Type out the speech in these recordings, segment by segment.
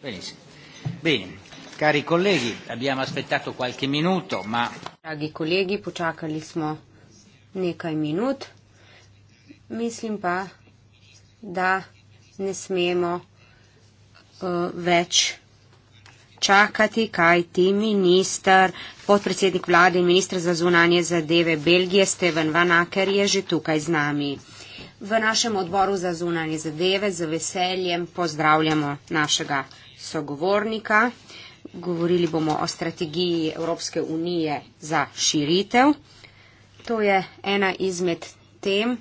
Benissimo. Bene. Cari colleghi, abbiamo aspettato qualche minuto, ma... Dragi colleghi, počakali smo nekaj minut. Mislim pa, da ne smemo uh, več čakati, kaj ti minister, podpredsednik vlade in minister za zunanje zadeve Belgije, Steven Van Aker, je že tukaj z nami. V našem odboru za zunanje zadeve z veseljem pozdravljamo našega sogovornika. Govorili bomo o strategiji Evropske unije za širitev. To je ena izmed tem,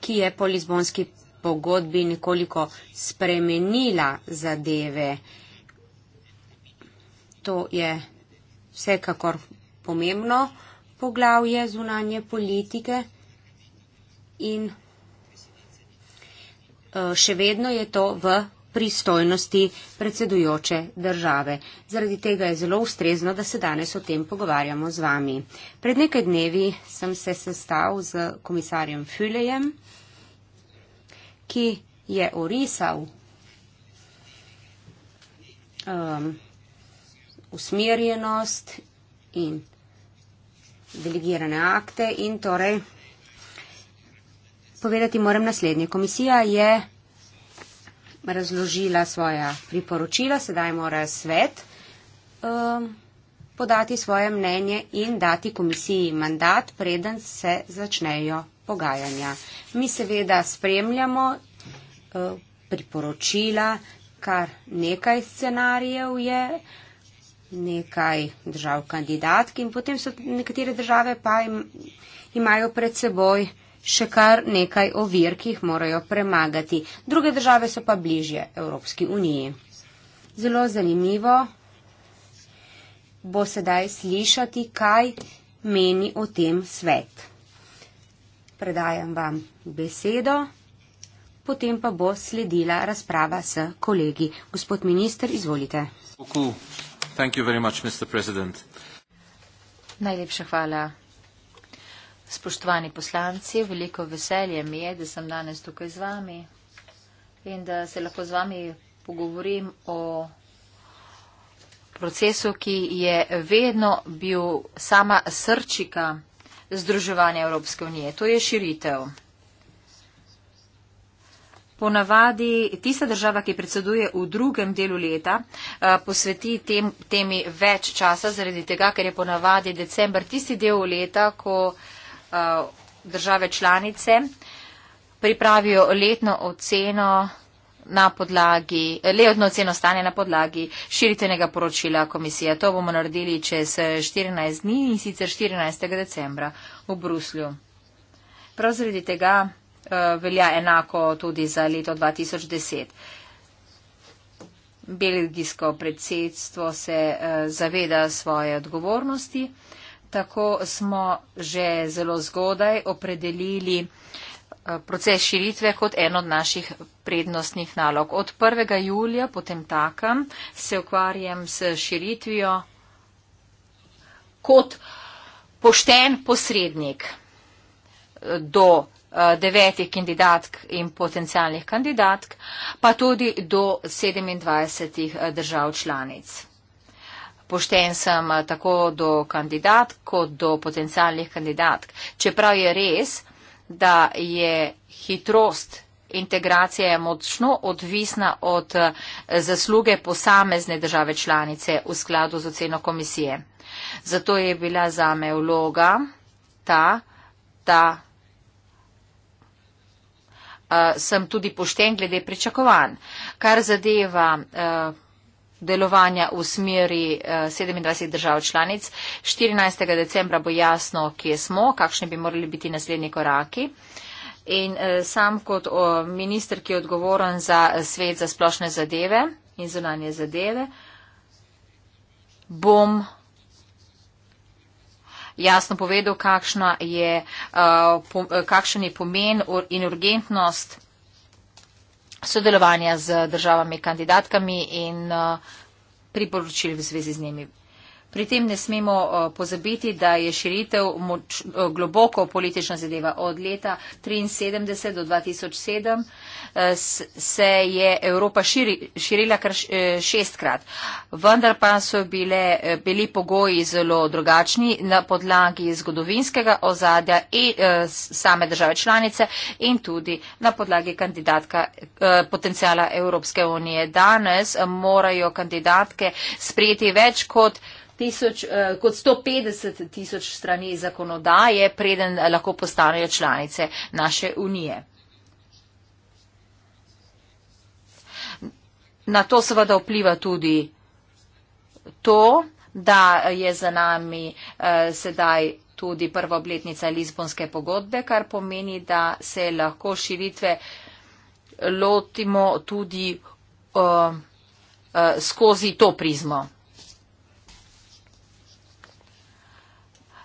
ki je po Lizbonski pogodbi nekoliko spremenila zadeve. To je vsekakor pomembno poglavje zunanje politike in Eh, še vedno je to v pristojnosti predsedujoče države. Zaradi tega je zelo ustrezno, da se danes o tem pogovarjamo z vami. Pred nekaj dnevi sem se sestal z komisarjem Fülejem, ki je orisal um, usmerjenost in delegirane akte in torej Povedati moram naslednje. Komisija je razložila svoja priporočila, sedaj mora svet um, podati svoje mnenje in dati komisiji mandat, preden se začnejo pogajanja. Mi seveda spremljamo um, priporočila, kar nekaj scenarijev je, nekaj držav kandidatk in potem so nekatere države pa im, imajo pred seboj še kar nekaj ovir, ki jih morajo premagati. Druge države so pa bližje Evropski uniji. Zelo zanimivo bo sedaj slišati, kaj meni o tem svet. Predajam vam besedo, potem pa bo sledila razprava s kolegi. Gospod minister, izvolite. Najlepša hvala, Spoštovani poslanci, veliko veselje mi je, da sem danes tukaj z vami in da se lahko z vami pogovorim o procesu, ki je vedno bil sama srčika združevanja Evropske unije. To je širitev. Ponavadi tista država, ki predseduje v drugem delu leta, eh, posveti tem, temi več časa, zaradi tega, ker je ponavadi december tisti del leta, ko Eh, države članice pripravijo letno oceno na podlagi, eh, letno oceno stanje na podlagi širitenega poročila komisije. To bomo naredili čez 14 eh, dni in sicer 14. decembra v Bruslju. Prav zredi tega velja enako tudi za leto 2010. Belgijsko predsedstvo se zaveda svoje odgovornosti. Tako smo že zelo zgodaj opredelili eh, proces širitve kot en od naših prednostnih nalog. Od 1. julija potem takem se ukvarjam s širitvijo kot pošten posrednik eh, do eh, devetih kandidatk in potencijalnih kandidatk, pa tudi do 27 držav članic. Pošten sem eh, tako do kandidat kot do potencialnih kandidatk. Čeprav je res, da je hitrost integracije močno odvisna od eh, zasluge posamezne države članice v skladu z oceno komisije. Zato je bila za me vloga ta, da eh, sem tudi pošten glede pričakovanj. Kar zadeva. Uh, delovanja v smeri 27 eh, držav članic. 14. decembra bo jasno, kje smo, kakšni bi morali biti naslednji koraki. In eh, sam kot minister, ki je odgovoren za eh, svet za splošne zadeve in zunanje zadeve, bom jasno povedal, je, kakšen je pomen in urgentnost sodelovanja z državami kandidatkami in uh, priporočil v zvezi z njimi. Pri tem ne smemo eh, pozabiti, da je širitev moč, eh, globoko politična zadeva. Od leta 1973 do 2007 eh, se je Evropa širi, širila kar šestkrat. Vendar pa so bile, bili pogoji zelo drugačni na podlagi zgodovinskega ozadja in e, same države članice in tudi na podlagi kandidatka potencijala Evropske unije. Danes morajo kandidatke sprijeti več kot tisoč, eh, kot 150 tisoč strani zakonodaje, preden eh, lahko postanejo članice naše unije. Na to seveda vpliva tudi to, da je za nami eh, sedaj tudi prva obletnica Lizbonske pogodbe, kar pomeni, da se lahko širitve lotimo tudi eh, eh, skozi to prizmo.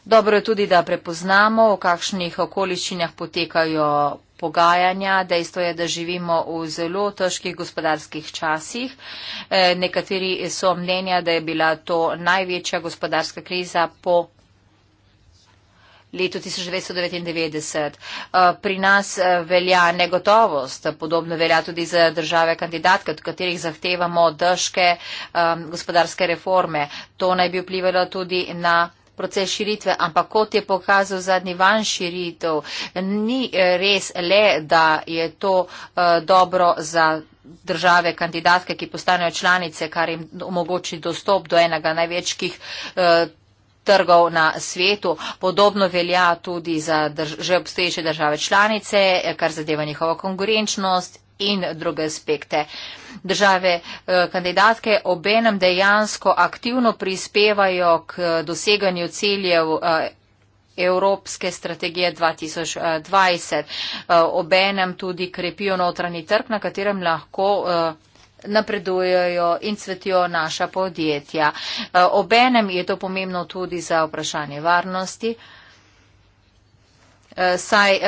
Dobro je tudi, da prepoznamo, v kakšnih okoliščinah potekajo pogajanja. Dejstvo je, da živimo v zelo težkih gospodarskih časih. E, nekateri so mnenja, da je bila to največja gospodarska kriza po letu 1999. E, pri nas e, velja negotovost, podobno velja tudi za države kandidatke, od katerih zahtevamo držke gospodarske reforme. To naj bi vplivalo tudi na proces širitve, ampak kot je pokazal zadnji van širitev, ni res le, da je to eh, dobro za države kandidatke, ki postanejo članice, kar jim omogoči dostop do enega največjih eh, trgov na svetu. Podobno velja tudi za drž že obstoječe države članice, eh, kar zadeva njihovo konkurenčnost in druge aspekte. Države eh, kandidatke obenem dejansko aktivno prispevajo k doseganju ciljev eh, Evropske strategije 2020. Eh, obenem tudi krepijo notranji trg, na katerem lahko napredujejo in cvetijo naša podjetja. Obenem je to pomembno tudi za vprašanje varnosti, saj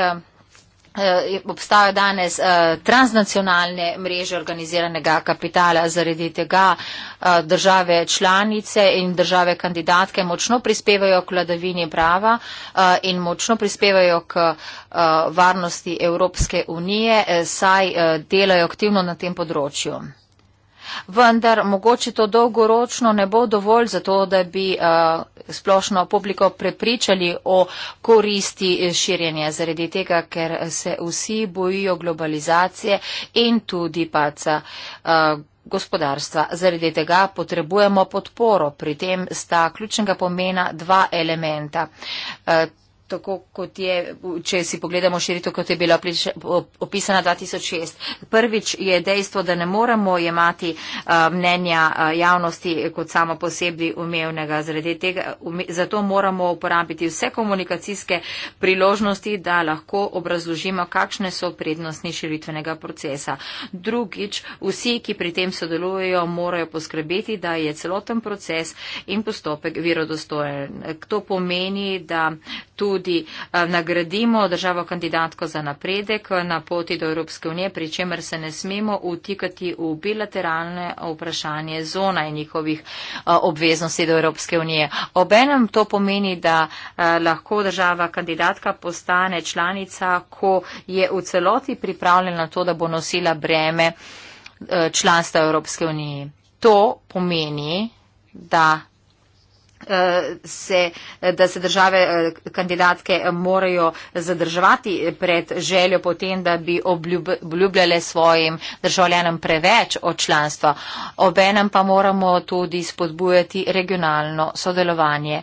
Eh, obstajajo danes eh, transnacionalne mreže organiziranega kapitala. Zaradi tega eh, države članice in države kandidatke močno prispevajo k vladavini prava in močno prispevajo k varnosti Evropske unije, saj delajo aktivno na tem področju. Vendar mogoče to dolgoročno ne bo dovolj za to, da bi uh, splošno publiko prepričali o koristi širjenja, zaradi tega, ker se vsi bojijo globalizacije in tudi paca. Uh, gospodarstva. Zaradi tega potrebujemo podporo. Pri tem sta ključnega pomena dva elementa. Uh, tako kot je, če si pogledamo širito, kot je bila opisana 2006. Prvič je dejstvo, da ne moremo jemati mnenja javnosti kot samo posebej umevnega. Tega, zato moramo uporabiti vse komunikacijske priložnosti, da lahko obrazložimo, kakšne so prednostni širitvenega procesa. Drugič, vsi, ki pri tem sodelujejo, morajo poskrbeti, da je celoten proces in postopek virodostojen. To pomeni, da tudi tudi eh, nagradimo državo kandidatko za napredek eh, na poti do Evropske unije, pri čemer se ne smemo utikati v bilateralne vprašanje zona in njihovih eh, obveznosti do Evropske unije. Obenem to pomeni, da lahko država kandidatka postane članica, ko je v celoti pripravljena na to, da bo nosila breme članstva Evropske unije. To pomeni, da se, da se države eh, kandidatke morajo zadrževati pred željo potem, da bi obljubljale svojim državljanom preveč od članstva. Obenem pa moramo tudi spodbujati regionalno sodelovanje.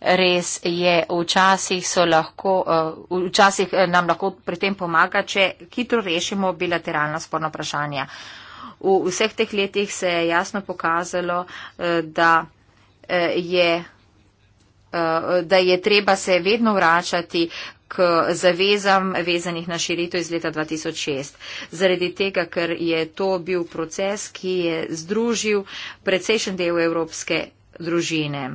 Res je, včasih, lahko, eh, včasih eh, nam lahko pri tem pomaga, če hitro rešimo bilateralna sporna vprašanja. V vseh teh letih se je jasno pokazalo, da je, eh, da je treba se vedno vračati k zavezam vezanih na širito iz leta 2006. Zaradi tega, ker je to bil proces, ki je združil precejšen del evropske družine.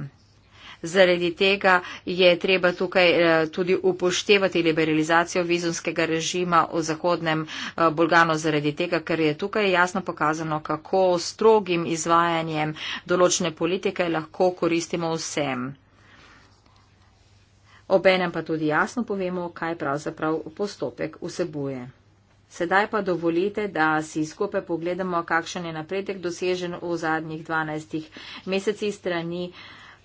Zaradi tega je treba tukaj eh, tudi upoštevati liberalizacijo vizumskega režima v Zahodnem eh, Bolgano, zaradi tega, ker je tukaj jasno pokazano, kako strogim izvajanjem določene politike lahko koristimo vsem. Obenem pa tudi jasno povemo, kaj pravzaprav postopek vsebuje. Sedaj pa dovolite, da si skupaj pogledamo, kakšen je napredek dosežen v zadnjih 12 mesecih strani uh,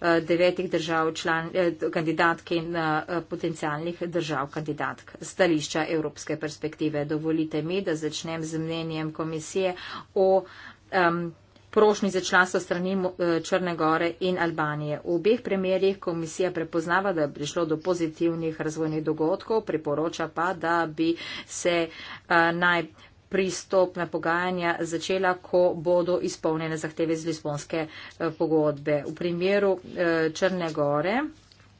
Eh, devetih držav član, eh, kandidatk in eh, potencijalnih držav kandidatk. Stališča evropske perspektive. Dovolite mi, da začnem z mnenjem komisije o. Um, Prošnji za članstvo strani Črne Gore in Albanije. V obeh primerjih komisija prepoznava, da je prišlo do pozitivnih razvojnih dogodkov, priporoča pa, da bi se uh, naj pristopna pogajanja začela, ko bodo izpolnjene zahteve iz Lisbonske eh, pogodbe. V primeru eh, Črne Gore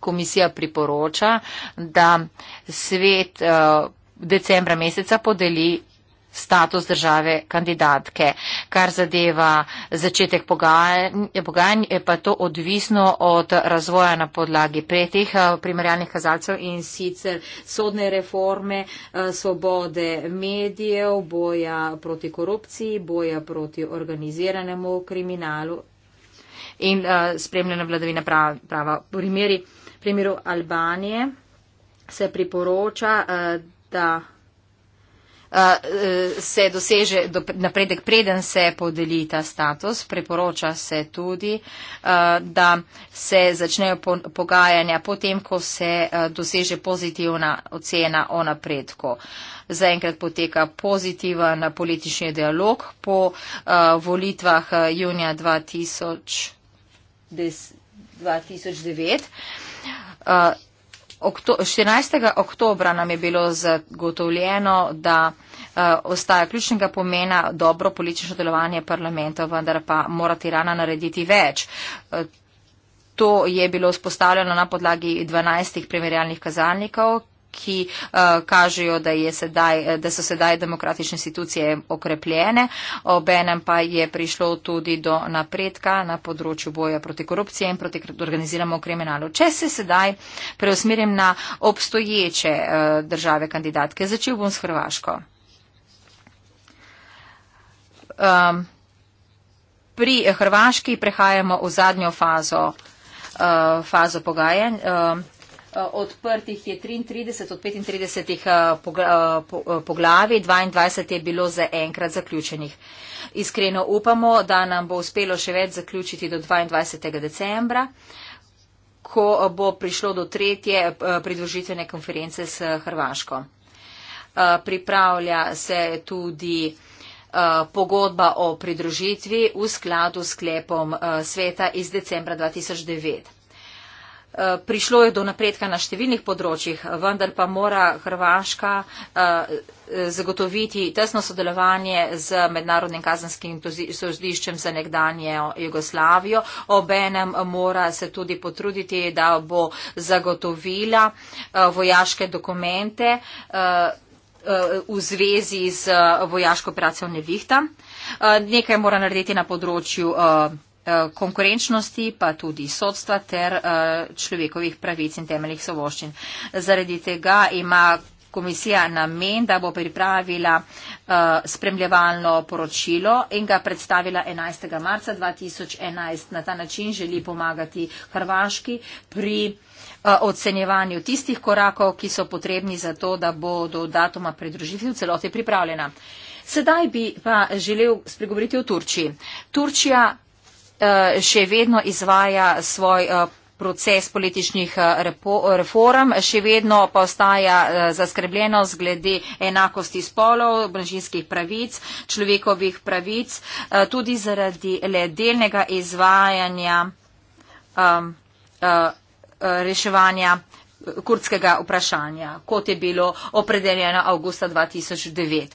komisija priporoča, da svet eh, decembra meseca podeli status države kandidatke. Kar zadeva začetek pogajanj, je pa to odvisno od razvoja na podlagi pretih eh, primarjalnih kazalcev in sicer sodne reforme, eh, svobode medijev, boja proti korupciji, boja proti organiziranemu kriminalu in eh, spremljena vladavina prava. prava. V primeru Albanije se priporoča, da E, se doseže napredek, preden se podeli ta status. Preporoča se tudi, da se začnejo pogajanja potem, ko se doseže pozitivna ocena o napredku. Zaenkrat poteka pozitiven politični dialog po volitvah junija 2000, 2009. Okto 14. oktobra nam je bilo zagotovljeno, da uh, ostaja ključnega pomena dobro politično delovanje parlamenta, vendar pa mora Tirana narediti več. Uh, To je bilo spostavljeno na podlagi 12 primerjalnih kazalnikov, ki uh, kažejo, da, sedaj, eh, da so sedaj demokratične institucije okrepljene. Obenem pa je prišlo tudi do napredka na področju boja proti korupciji in proti organiziramo kriminalu. Če se sedaj preusmerim na obstoječe uh, države kandidatke, začel bom s Hrvaško. Um, pri Hrvaški prehajamo v zadnjo fazo, uh, fazo pogajanj. Uh, Eh, odprtih je 33 od 35 poglavi, 22 je bilo zaenkrat zaključenih. Iskreno upamo, da nam bo uspelo še več zaključiti do 22. decembra ko bo prišlo do tretje eh, pridružitvene konference s Hrvaško. Eh, pripravlja se tudi pogodba o pridružitvi v skladu s sklepom sveta iz decembra 2009. Eh, prišlo je do napredka na številnih področjih, vendar pa mora Hrvaška eh, zagotoviti tesno sodelovanje z mednarodnim kazanskim sodiščem za nekdanje Jugoslavijo. Obenem mora se tudi potruditi, da bo zagotovila eh, vojaške dokumente v zvezi z vojaško operacijo Nevihta. Nekaj mora narediti na področju Eh, konkurenčnosti, pa tudi sodstva ter eh, človekovih pravic in temeljih sovoščin. Zaradi tega ima komisija namen, da bo pripravila eh, spremljevalno poročilo in ga predstavila 11. marca 2011. Na ta način želi pomagati Hrvaški pri ocenjevanju tistih korakov, ki so potrebni za to, da bo do datuma pridružitve v celoti pripravljena. Sedaj bi pa želel spregovoriti o Turčiji. Turčija Eh, še vedno izvaja svoj eh, proces političnih eh, reform, še vedno pa ostaja zaskrbljenost glede enakosti spolov, bržinskih pravic, človekovih pravic, tudi zaradi le delnega izvajanja um, reševanja kurdskega vprašanja, kot je bilo opredeljeno avgusta 2009.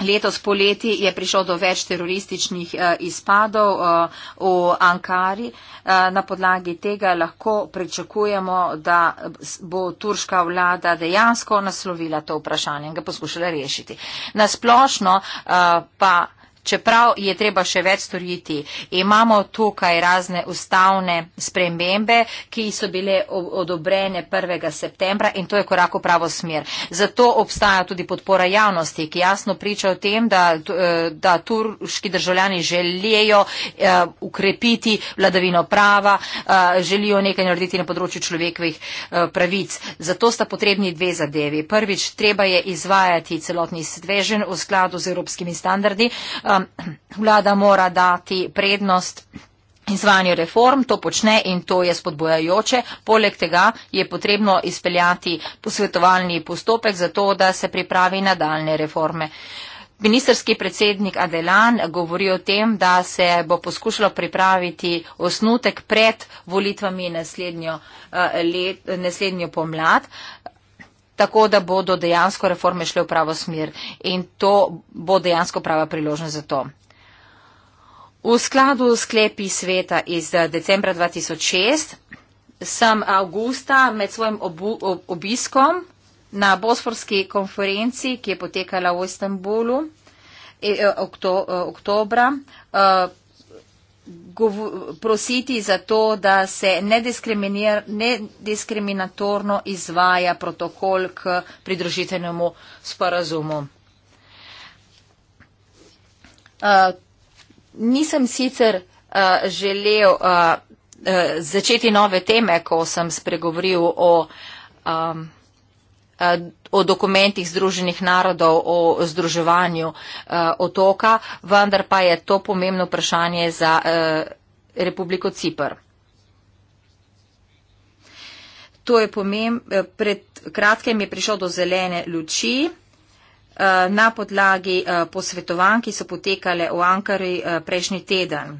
Letos poleti je prišlo do več terorističnih uh, izpadov uh, v Ankari. Uh, na podlagi tega lahko pričakujemo, da bo turška vlada dejansko naslovila to vprašanje in ga poskušala rešiti. Nasplošno uh, pa čeprav je treba še več storiti. Imamo tukaj razne ustavne spremembe, ki so bile odobrene 1. septembra in to je korak v pravo smer. Zato obstaja tudi podpora javnosti, ki jasno priča o tem, da, eh, da turški državljani želijo eh, ukrepiti vladavino prava, eh, želijo nekaj narediti na področju človekovih pravic. Zato sta potrebni dve zadevi. Prvič, treba je izvajati celotni svežen v skladu z evropskimi standardi vlada mora dati prednost izvanju reform, to počne in to je spodbojajoče. Poleg tega je potrebno izpeljati posvetovalni postopek za to, da se pripravi nadaljne reforme. Ministerski predsednik Adelan govori o tem, da se bo poskušalo pripraviti osnutek pred volitvami naslednjo, eh, let, naslednjo pomlad tako da bodo dejansko reforme šle v pravo smer in to bo dejansko prava priložnost za to. V skladu s sklepi sveta iz eh, decembra 2006 sem avgusta med svojim obiskom na Bosforski konferenci, ki je potekala v Istanbulu, eh, eh, oktobra, prositi za to, da se nediskriminatorno izvaja protokol k pridružitvenemu sporazumu. Uh, nisem sicer uh, želel uh, uh, začeti nove teme, ko sem spregovoril o um, Eh, o dokumentih Združenih narodov o združevanju eh, otoka, vendar pa je to pomembno vprašanje za eh, Republiko Cipr. To je pomembno, pred kratkem je prišel do zelene luči na podlagi posvetovanj, ki so potekale v Ankari prejšnji teden.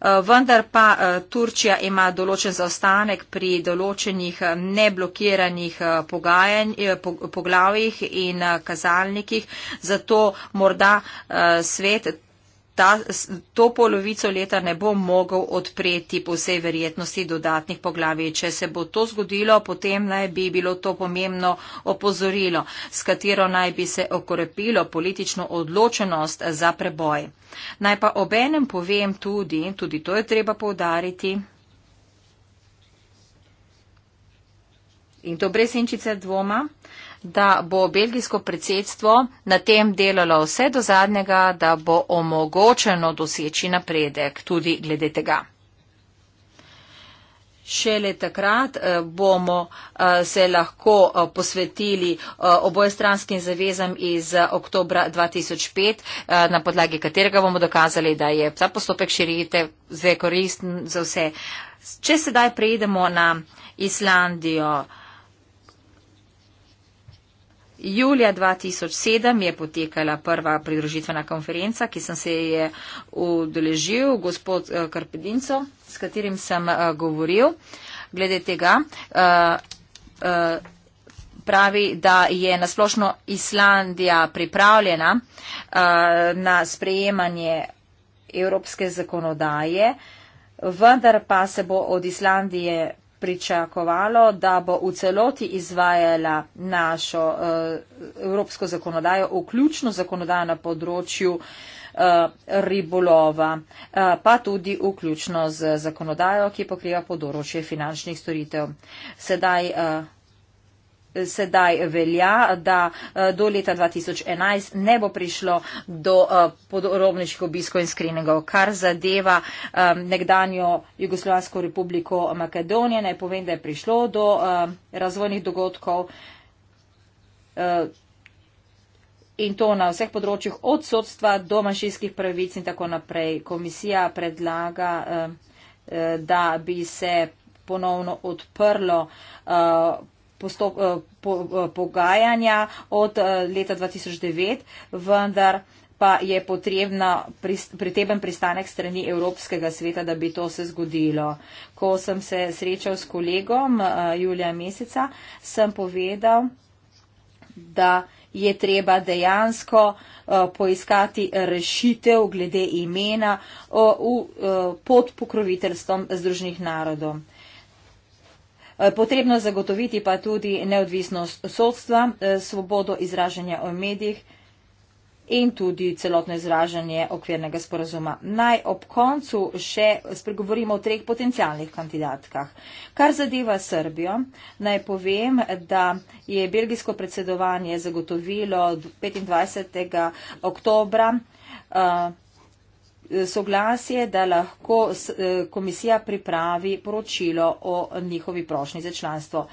Eh, vendar pa eh, Turčija ima določen zaostanek pri določenih eh, neblokiranih pogajanj, poglavjih in kazalnikih, zato morda svet ta, to polovico leta ne bo mogel odpreti po vsej verjetnosti dodatnih poglavij. Če se bo to zgodilo, potem naj bi bilo to pomembno opozorilo, s katero naj bi se okorepilo politično odločenost za preboj. Naj pa obenem povem tudi, tudi to je treba povdariti, in to brez inčice dvoma, da bo belgijsko predsedstvo na tem delalo vse do zadnjega, da bo omogočeno doseči napredek tudi glede tega. Šele takrat eh, bomo eh, se lahko eh, posvetili obojestranskim zavezam iz oktobra 2005, na podlagi katerega bomo dokazali, da je ta postopek širite zve koristen za vse. Če sedaj prejdemo na Islandijo, Julija 2007 je potekala prva pridružitvena konferenca, ki sem se je udeležil, gospod eh, Karpedinco, s katerim sem eh, govoril. Glede tega eh, pravi, da je nasplošno Islandija pripravljena na sprejemanje evropske zakonodaje, vendar pa se bo od Islandije pričakovalo, da bo v celoti izvajala našo uh, evropsko zakonodajo, vključno zakonodajo na področju eh, ribolova, eh, pa tudi vključno z zakonodajo, ki pokriva področje finančnih storitev. Sedaj sedaj velja, da eh, do leta 2011 ne bo prišlo do eh, podrobnejših obiskov in skrinegov. Kar zadeva eh, nekdanjo Jugoslavsko republiko Makedonije, naj povem, da je prišlo do razvojnih dogodkov. In to na vseh področjih, od sodstva do manjšinskih pravic in tako naprej. Komisija predlaga, da bi se ponovno odprlo postop, eh, po, eh, pogajanja od eh, leta 2009, vendar pa je potrebna priteben pristanek strani Evropskega sveta, da bi to se zgodilo. Ko sem se srečal s kolegom Julija Meseca, sem povedal, da je treba dejansko poiskati rešitev glede imena pod pokroviteljstvom Združenih narodov. Eh, potrebno zagotoviti pa tudi neodvisnost sodstva, eh, svobodo izražanja o medijih in tudi celotno izražanje okvirnega sporazuma. Naj ob koncu še spregovorimo o treh potencijalnih kandidatkah. Kar zadeva Srbijo, naj povem, da je belgijsko predsedovanje zagotovilo 25. oktobra. Uh, soglasje, da lahko eh, komisija pripravi poročilo o njihovi prošnji za članstvo.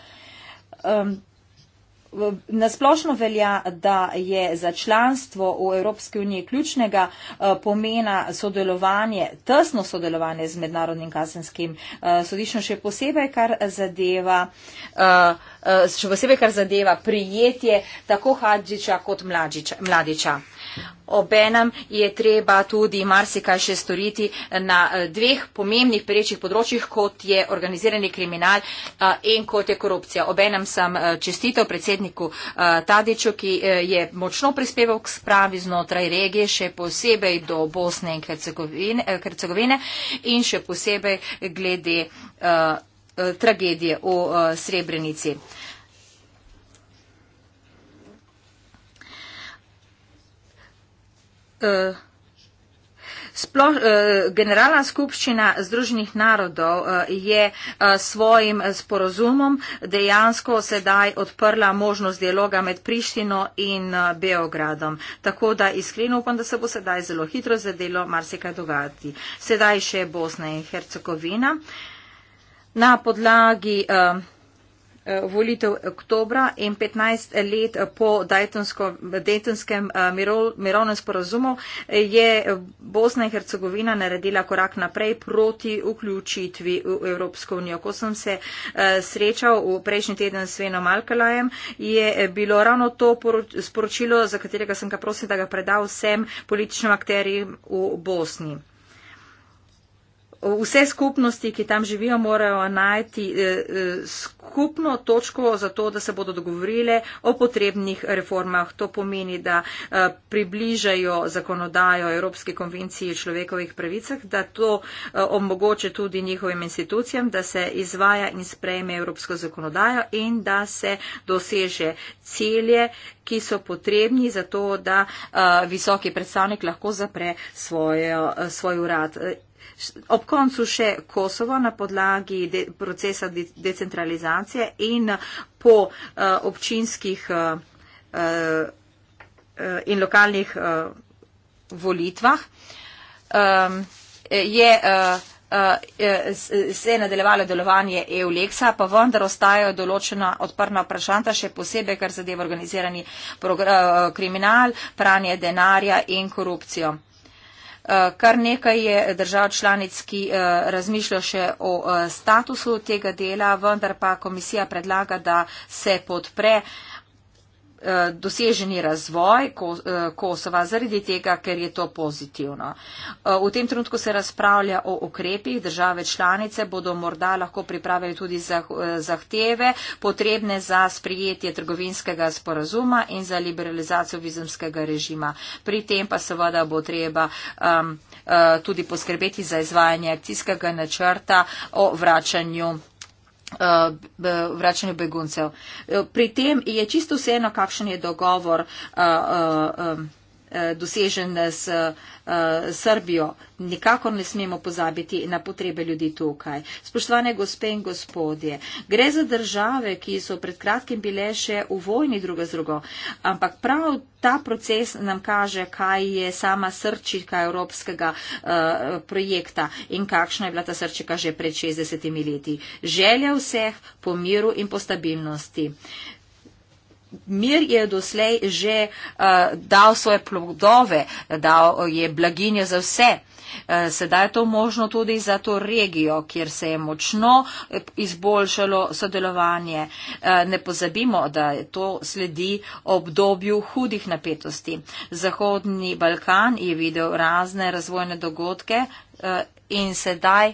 Nasplošno velja, da je za članstvo v Evropski uniji ključnega eh, pomena sodelovanje, tesno sodelovanje z mednarodnim kazenskim eh, sodiščem, še posebej, kar zadeva, še posebej, kar zadeva prijetje tako Hadžiča kot Mladiča. mladiča. Obenem je treba tudi marsikaj še storiti na eh, dveh pomembnih perečih področjih, kot je organizirani kriminal eh, in kot je korupcija. Obenem sem eh, čestitev predsedniku Tadiču, ki je močno prispeval k spravi znotraj regije, še posebej do Bosne in Hercegovine in še posebej glede tragedije v Srebrenici. Eh, Splo, eh, generalna skupščina Združenih narodov eh, je eh, svojim sporozumom dejansko sedaj odprla možnost dialoga med Prištino in eh, Beogradom. Tako da iskreno upam, da se bo sedaj zelo hitro zadelo marsikaj dogajati. Sedaj še Bosna in Hercegovina. Na podlagi eh, Eh, volitev oktobra in 15 let po Daytonskem eh, mirovnem sporazumu eh, je Bosna in Hercegovina naredila korak naprej proti vključitvi v Evropsko unijo. Ko sem se srečal v prejšnji teden s Svenom Alkalajem, je bilo ravno to sporočilo, za katerega sem ga prosil, da ga predal vsem političnim akterjem v Bosni vse skupnosti, ki tam živijo, morajo najti eh, eh, skupno točko za to, da se bodo dogovorile o potrebnih reformah. To pomeni, da eh, približajo zakonodajo Evropske konvencije o človekovih pravicah, da to omogoče tudi njihovim institucijam, da se izvaja in sprejme Evropsko zakonodajo in da se doseže celje, ki so potrebni za to, da visoki predstavnik lahko zapre svoj, svoj urad ob koncu še Kosovo na podlagi de, procesa de, decentralizacije in eh, po uh, občinskih uh, uh, in lokalnih uh, volitvah um, je. Uh, se je nadaljevalo delovanje EU-leksa, pa vendar ostajajo določena odprna vprašanja, še posebej, kar zadeva organizirani kriminal, pranje denarja in korupcijo. Kar nekaj je držav članic, ki eh, razmišljajo še o eh, statusu tega dela, vendar pa komisija predlaga, da se podpre Eh, doseženi razvoj eh, Kosova zaradi tega, ker je to pozitivno. Eh, v tem trenutku se razpravlja o ukrepih, države članice bodo morda lahko pripravili tudi zahteve potrebne za sprijetje trgovinskega sporazuma in za liberalizacijo vizumskega režima. Pri tem pa seveda bo treba tudi poskrbeti za izvajanje akcijskega načrta o vračanju Eh, vračanju beguncev. Eh, pri tem je čisto vseeno, kakšen je dogovor. Uh, uh, uh, Eh, dosežen s eh, Srbijo. Nikakor ne smemo pozabiti na potrebe ljudi tukaj. Spoštovane gospe in gospodje, gre za države, ki so pred kratkim bile še v vojni druga z drugo, ampak prav ta proces nam kaže, kaj je sama srčika evropskega uh, projekta in kakšna je bila ta srčika že pred 60 leti. Želja vseh po miru in po stabilnosti. Uh, mir je doslej že uh, dal svoje plodove, dal je blaginjo za vse. Eh, sedaj je to možno tudi za to regijo, kjer se je močno eh, izboljšalo sodelovanje. Ne pozabimo, da je to sledi obdobju hudih napetosti. Zahodni Balkan je videl razne razvojne dogodke in sedaj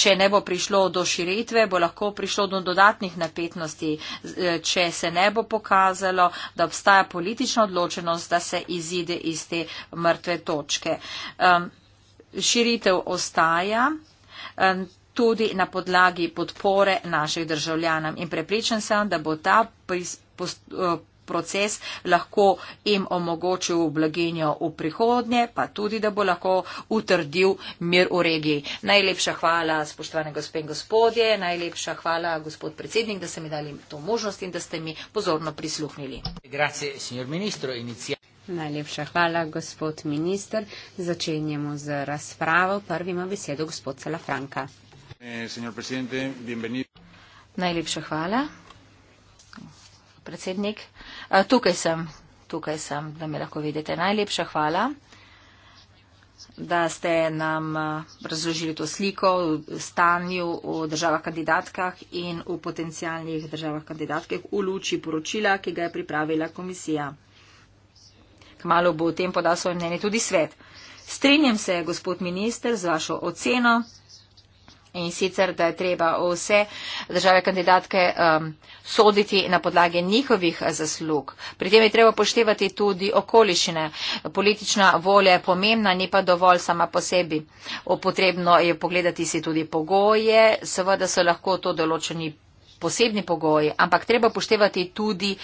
če ne bo prišlo do širitve, bo lahko prišlo do dodatnih napetnosti, eh, če se ne bo pokazalo, da obstaja politična odločenost, da se izide iz te mrtve točke. Širitev ostaja tudi na podlagi podpore naših državljanov in prepričan sem, da bo ta eh, proces lahko jim omogočil blaginjo v prihodnje, pa tudi, da bo lahko utrdil mir v regiji. Najlepša hvala, spoštovane gospe in gospodje, najlepša hvala, gospod predsednik, da ste mi dali to možnost in da ste mi pozorno prisluhnili. Grazie, Najlepša hvala, gospod minister. Začenjamo z razpravo. Prvi ima besedo gospod Salafranka. Eh, Najlepša hvala, predsednik. Eh, tukaj sem, tukaj sem, da me lahko vidite. Najlepša hvala, da ste nam eh, razložili to sliko v stanju v državah kandidatkah in v potencijalnih državah kandidatkah v luči poročila, ki ga je pripravila komisija. Kmalo bo o tem podal svoje mnenje tudi svet. Strinjam se, gospod minister, z vašo oceno. In sicer, da je treba vse države kandidatke um, soditi na podlagi njihovih eh, zaslug. Pri tem je treba poštevati tudi okolišine. Politična volja je pomembna, ni pa dovolj sama po sebi. O potrebno je pogledati si tudi pogoje, seveda so lahko to določeni posebni pogoji, ampak treba poštevati tudi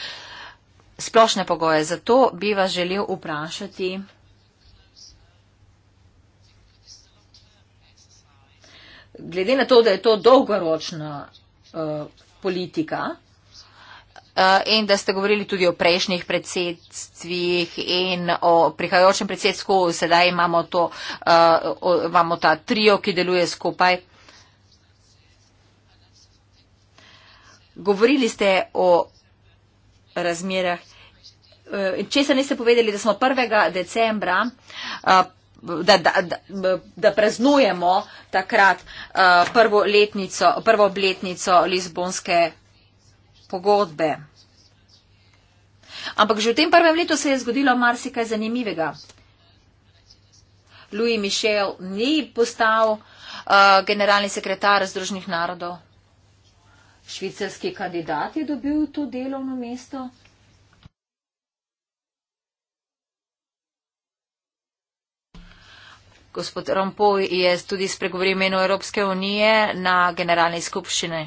splošne pogoje. Zato bi vas želel vprašati. glede na to, da je to dolgoročna uh, politika. Eh, in da ste govorili tudi o prejšnjih predsedstvih in o prihajajočem predsedstvu, sedaj imamo, to, uh, imamo ta trio, ki deluje skupaj. Govorili ste o razmerah. Če se niste povedali, da smo 1. decembra uh, da, da, da, da preznujemo takrat eh, prvo, letnico, prvo obletnico Lizbonske pogodbe. Ampak že v tem prvem letu se je zgodilo marsikaj zanimivega. Louis Michel ni postal uh, generalni sekretar Združenih narodov. Švicarski kandidat je dobil to delovno mesto. Gospod Rompuy je tudi spregovoril imenu Evropske unije na generalni skupščini.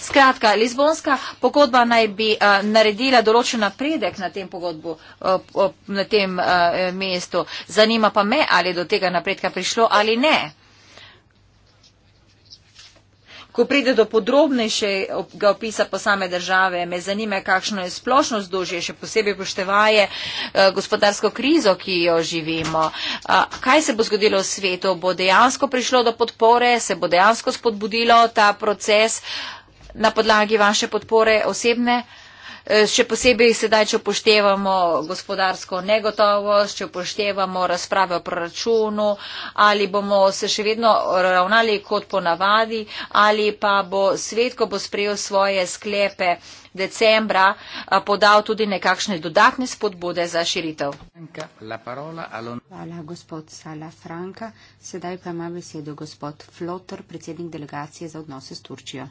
Skratka, Lizbonska pogodba naj bi uh, naredila določen napredek na tem pogodbu, uh, uh, na tem uh, mestu. Zanima pa me, ali je do tega napredka prišlo ali ne. Ko pride do podrobnejšega opisa posame države, me zanime, kakšno je splošno zdožje, še posebej poštevaje eh, gospodarsko krizo, ki jo živimo. Eh, kaj se bo zgodilo v svetu? Bo dejansko prišlo do podpore, se bo dejansko spodbudilo ta proces na podlagi vaše podpore osebne? Uh, E, še posebej sedaj, če upoštevamo gospodarsko negotovost, če upoštevamo razprave o proračunu, ali bomo se še vedno ravnali kot ponavadi, ali pa bo svet, ko bo sprejel svoje sklepe decembra, podal tudi nekakšne dodatne spodbude za širitev. Hvala, gospod Sala Franka. Sedaj pa ima besedo gospod Flotor, predsednik delegacije za odnose s Turčijo.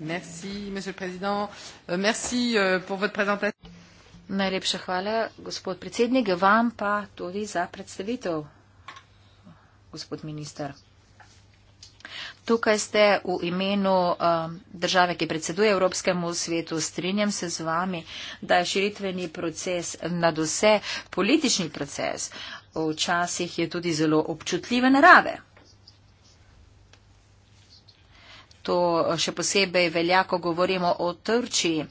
Merci, monsieur le président. Euh, merci euh, pour votre présentation. Najlepša hvala, gospod predsednik, vam pa tudi za predstavitev, gospod minister. Tukaj ste v imenu um, države, ki predseduje Evropskemu svetu. Strinjam se z vami, da je širitveni proces nad vse politični proces. Včasih je tudi zelo občutljive narave. to še posebej velja, ko govorimo o Trčiji.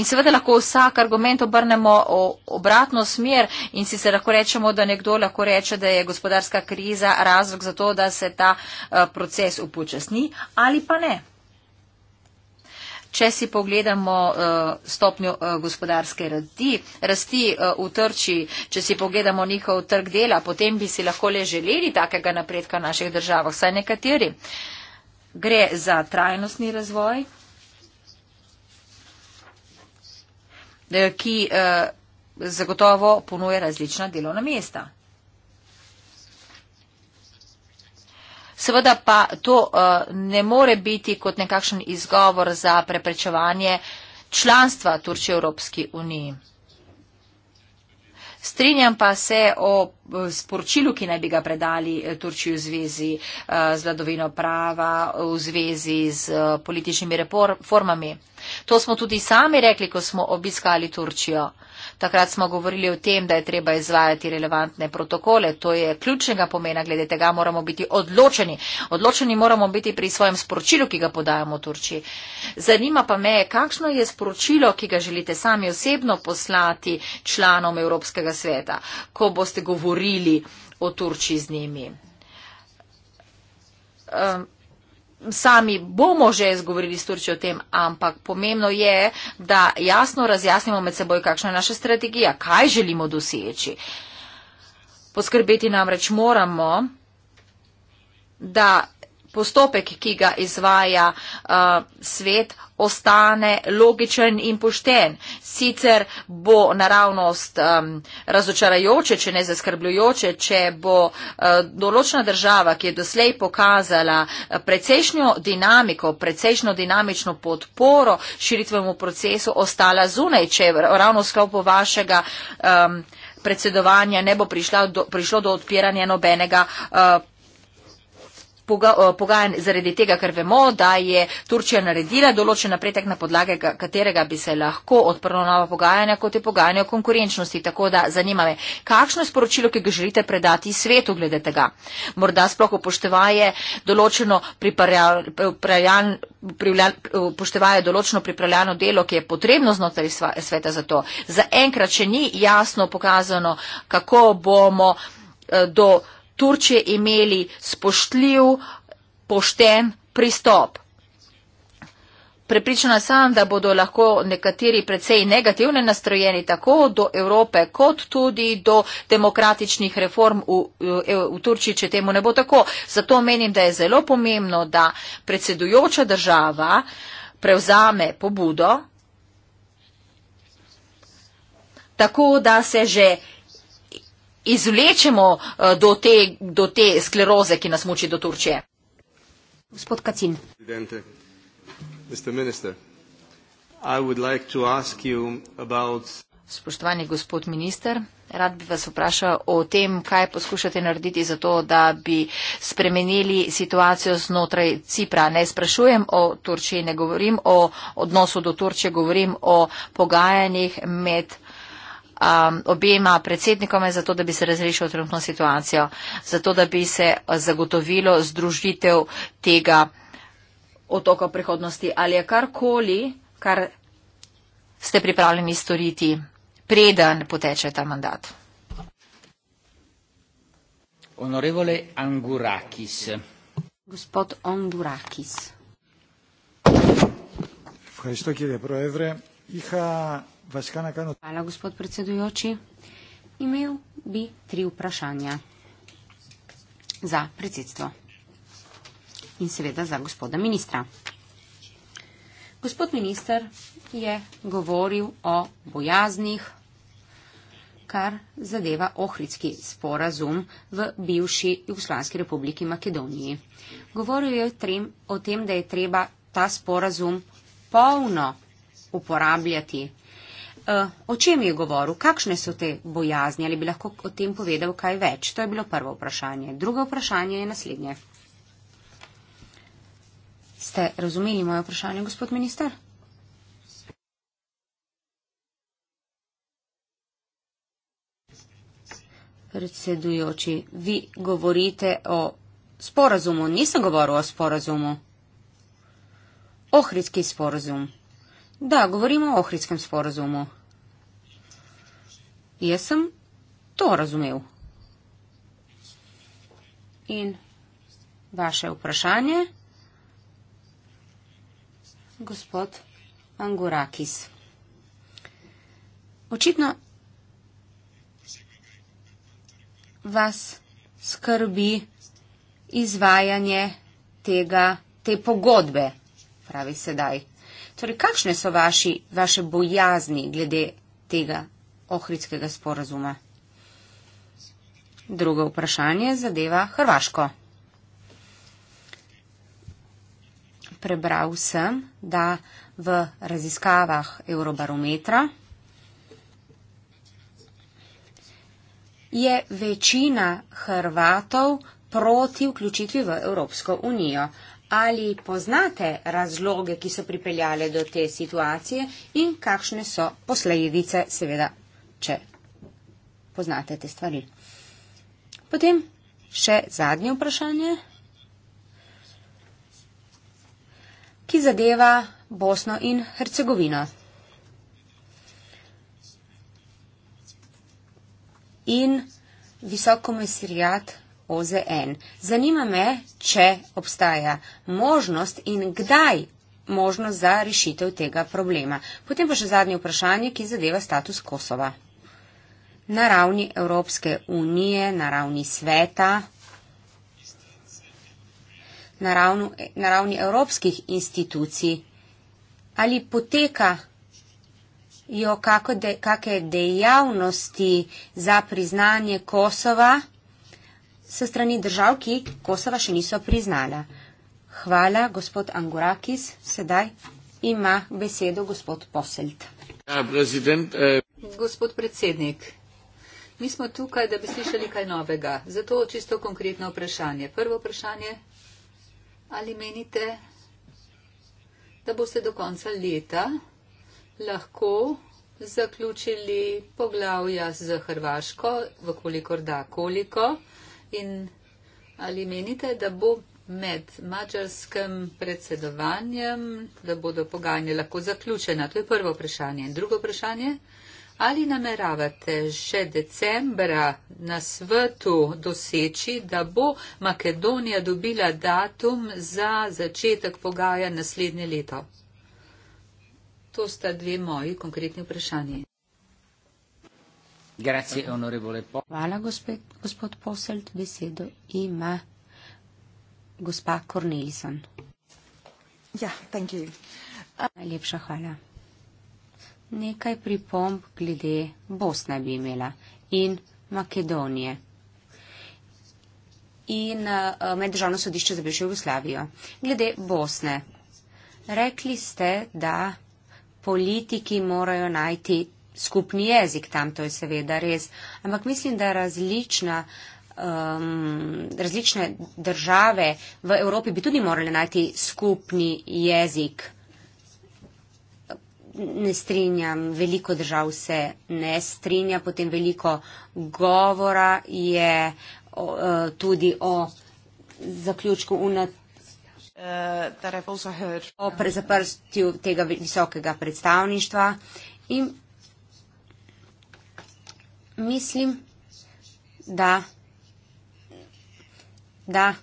In seveda lahko vsak argument obrnemo v obratno smer in si se lahko rečemo, da nekdo lahko reče, da je gospodarska kriza razlog za to, da se ta eh, proces upočasni ali pa ne. Če si pogledamo eh, stopnjo eh, gospodarske rasti, rasti v Trči, če si pogledamo njihov trg dela, potem bi si lahko le želeli takega napredka v naših državah, vsaj nekateri gre za trajnostni razvoj, eh, ki eh, zagotovo ponuje različna delovna mesta. Seveda pa to eh, ne more biti kot nekakšen izgovor za preprečevanje članstva Turčije v Evropski uniji. Strinjam pa se o eh, sporočilu, ki naj bi ga predali eh, Turčiji v zvezi eh, z vladovino prava, v zvezi z političnimi reformami. To smo tudi sami rekli, ko smo obiskali Turčijo. Takrat smo govorili o tem, da je treba izvajati relevantne protokole. To je ključnega pomena, glede tega moramo biti odločeni. Odločeni moramo biti pri svojem sporočilu, ki ga podajamo Turčiji. Zanima pa me, kakšno je sporočilo, ki ga želite sami osebno poslati članom Evropskega sveta, ko boste govorili o Turčiji z njimi. Um, sami bomo že izgovorili s Turčijo o tem, ampak pomembno je, da jasno razjasnimo med seboj, kakšna je naša strategija, kaj želimo doseči. Poskrbeti namreč moramo, da postopek, ki ga izvaja uh, svet, ostane logičen in pošten. Sicer bo naravnost um, razočarajoče, če ne zaskrbljujoče, če bo uh, določena država, ki je doslej pokazala uh, precejšnjo dinamiko, precejšnjo dinamično podporo širitvemu procesu, ostala zunaj, če ravno v sklopu vašega. Um, predsedovanja ne bo prišlo do, prišlo do odpiranja nobenega uh, Eh, pogajanj zaradi tega, ker vemo, da je Turčija naredila določen napredek na podlage, katerega bi se lahko odprlo nova pogajanja, kot je pogajanje o konkurenčnosti. Tako da zanima me, kakšno je sporočilo, ki ga želite predati svetu glede tega? Morda sploh upoštevaje določeno pripravljano določeno pripravljano delo, ki je potrebno znotraj sveta za to. Za enkrat, če ni jasno pokazano, kako bomo eh, do Turčije imeli spoštljiv, pošten pristop. Prepričana sem, da bodo lahko nekateri precej negativne nastrojeni tako do Evrope, kot tudi do demokratičnih reform v, v, v Turčiji, če temu ne bo tako. Zato menim, da je zelo pomembno, da predsedujoča država prevzame pobudo, tako da se že izvlečemo eh, do te, do te skleroze, ki nas muči do Turčije. Gospod Kacin. Spoštovani gospod minister, rad bi vas vprašal o tem, kaj poskušate narediti za to, da bi spremenili situacijo znotraj Cipra. Ne sprašujem o Turčiji, ne govorim o odnosu do Turčije, govorim o pogajanjih med um, obema predsednikoma, zato da bi se razrešil trenutno situacijo, zato da bi se uh, zagotovilo združitev tega otoka prihodnosti ali je karkoli, kar ste pripravljeni storiti, preden poteče ta mandat. Onorevole Angurakis. Gospod Angurakis. Hvala, što je prvo evre. Iha... Vatikana Kano. Hvala, gospod predsedujoči. Imel bi tri vprašanja za predsedstvo in seveda za gospoda ministra. Gospod minister je govoril o bojaznih, kar zadeva ohridski sporazum v bivši Jugoslavski republiki Makedoniji. Govoril je o tem, da je treba ta sporazum polno uporabljati Eh, o čem je govoril, kakšne so te bojazni, ali bi lahko o tem povedal kaj več? To je bilo prvo vprašanje. Drugo vprašanje je naslednje. Ste razumeli moje vprašanje, gospod minister? Predsedujoči, vi govorite o sporazumu. Nisem govoril o sporazumu. Ohridski sporazum. Da, govorimo o ohridskem sporazumu. Jaz sem to razumel. In vaše vprašanje, gospod Angurakis. Očitno vas skrbi izvajanje tega, te pogodbe, pravi sedaj. Torej, kakšne so vaši, vaše bojazni glede tega ohridskega sporazuma? Drugo vprašanje zadeva Hrvaško. Prebral sem, da v raziskavah Eurobarometra je večina Hrvatov proti vključitvi v Evropsko unijo. Uh, ali poznate razloge, ki so pripeljale do te situacije in kakšne so posledice, seveda, če poznate te stvari. Potem še zadnje vprašanje, ki zadeva Bosno in Hercegovino. In visokomisirjat OZN. Zanima me, če obstaja možnost in kdaj možnost za rešitev tega problema. Potem pa še zadnje vprašanje, ki zadeva status Kosova. Na ravni Evropske unije, na ravni sveta, na, ravnu, na ravni evropskih institucij, ali poteka jo kakšne de, dejavnosti za priznanje Kosova? se strani držav, ki Kosova še niso priznala. Hvala, gospod Angurakis. Sedaj ima besedo gospod Poselt. Ja, eh. Gospod predsednik, mi smo tukaj, da bi slišali kaj novega. Zato čisto konkretno vprašanje. Prvo vprašanje, ali menite, da boste do konca leta lahko zaključili poglavja z Hrvaško, vkolikor da koliko in ali menite, da bo med mačarskim predsedovanjem, da bodo pogajanja lahko zaključena? To je prvo vprašanje. In drugo vprašanje, ali nameravate še decembra na svetu doseči, da bo Makedonija dobila datum za začetek pogaja naslednje leto? To sta dve moji konkretni vprašanje. Hvala, gospe, gospod Poselt. Besedo ima gospa Cornelison. Ja, thank you. Najlepša hvala. Nekaj pripomb glede Bosne bi imela in Makedonije in Meddržavno sodišče za bivšo Jugoslavijo. Glede Bosne. Rekli ste, da politiki morajo najti skupni jezik, tam to je seveda res. Ampak mislim, da različna, um, različne države v Evropi bi tudi morali najti skupni jezik. Ne strinjam, veliko držav se ne strinja, potem veliko govora je o, o, eh, tudi o zaključku UNAT, uh, eh, o prezaprstju tega visokega predstavništva in mislim, da, da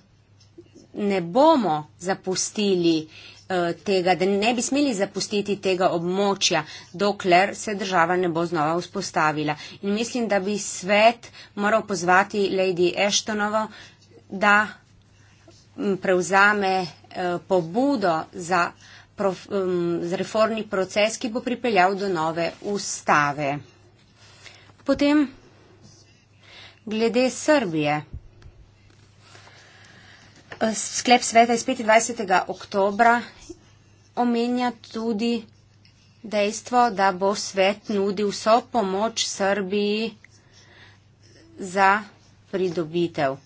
ne bomo zapustili eh, tega, da ne bi smeli zapustiti tega območja, dokler se država ne bo znova vzpostavila. In mislim, da bi svet moral pozvati Lady Ashtonovo, da mm, prevzame eh, pobudo za, prof, mm, za reformni proces, ki bo pripeljal do nove ustave. Potem glede Srbije. Sklep sveta iz 25. oktobra omenja tudi dejstvo, da bo svet nudil vso pomoč Srbiji za pridobitev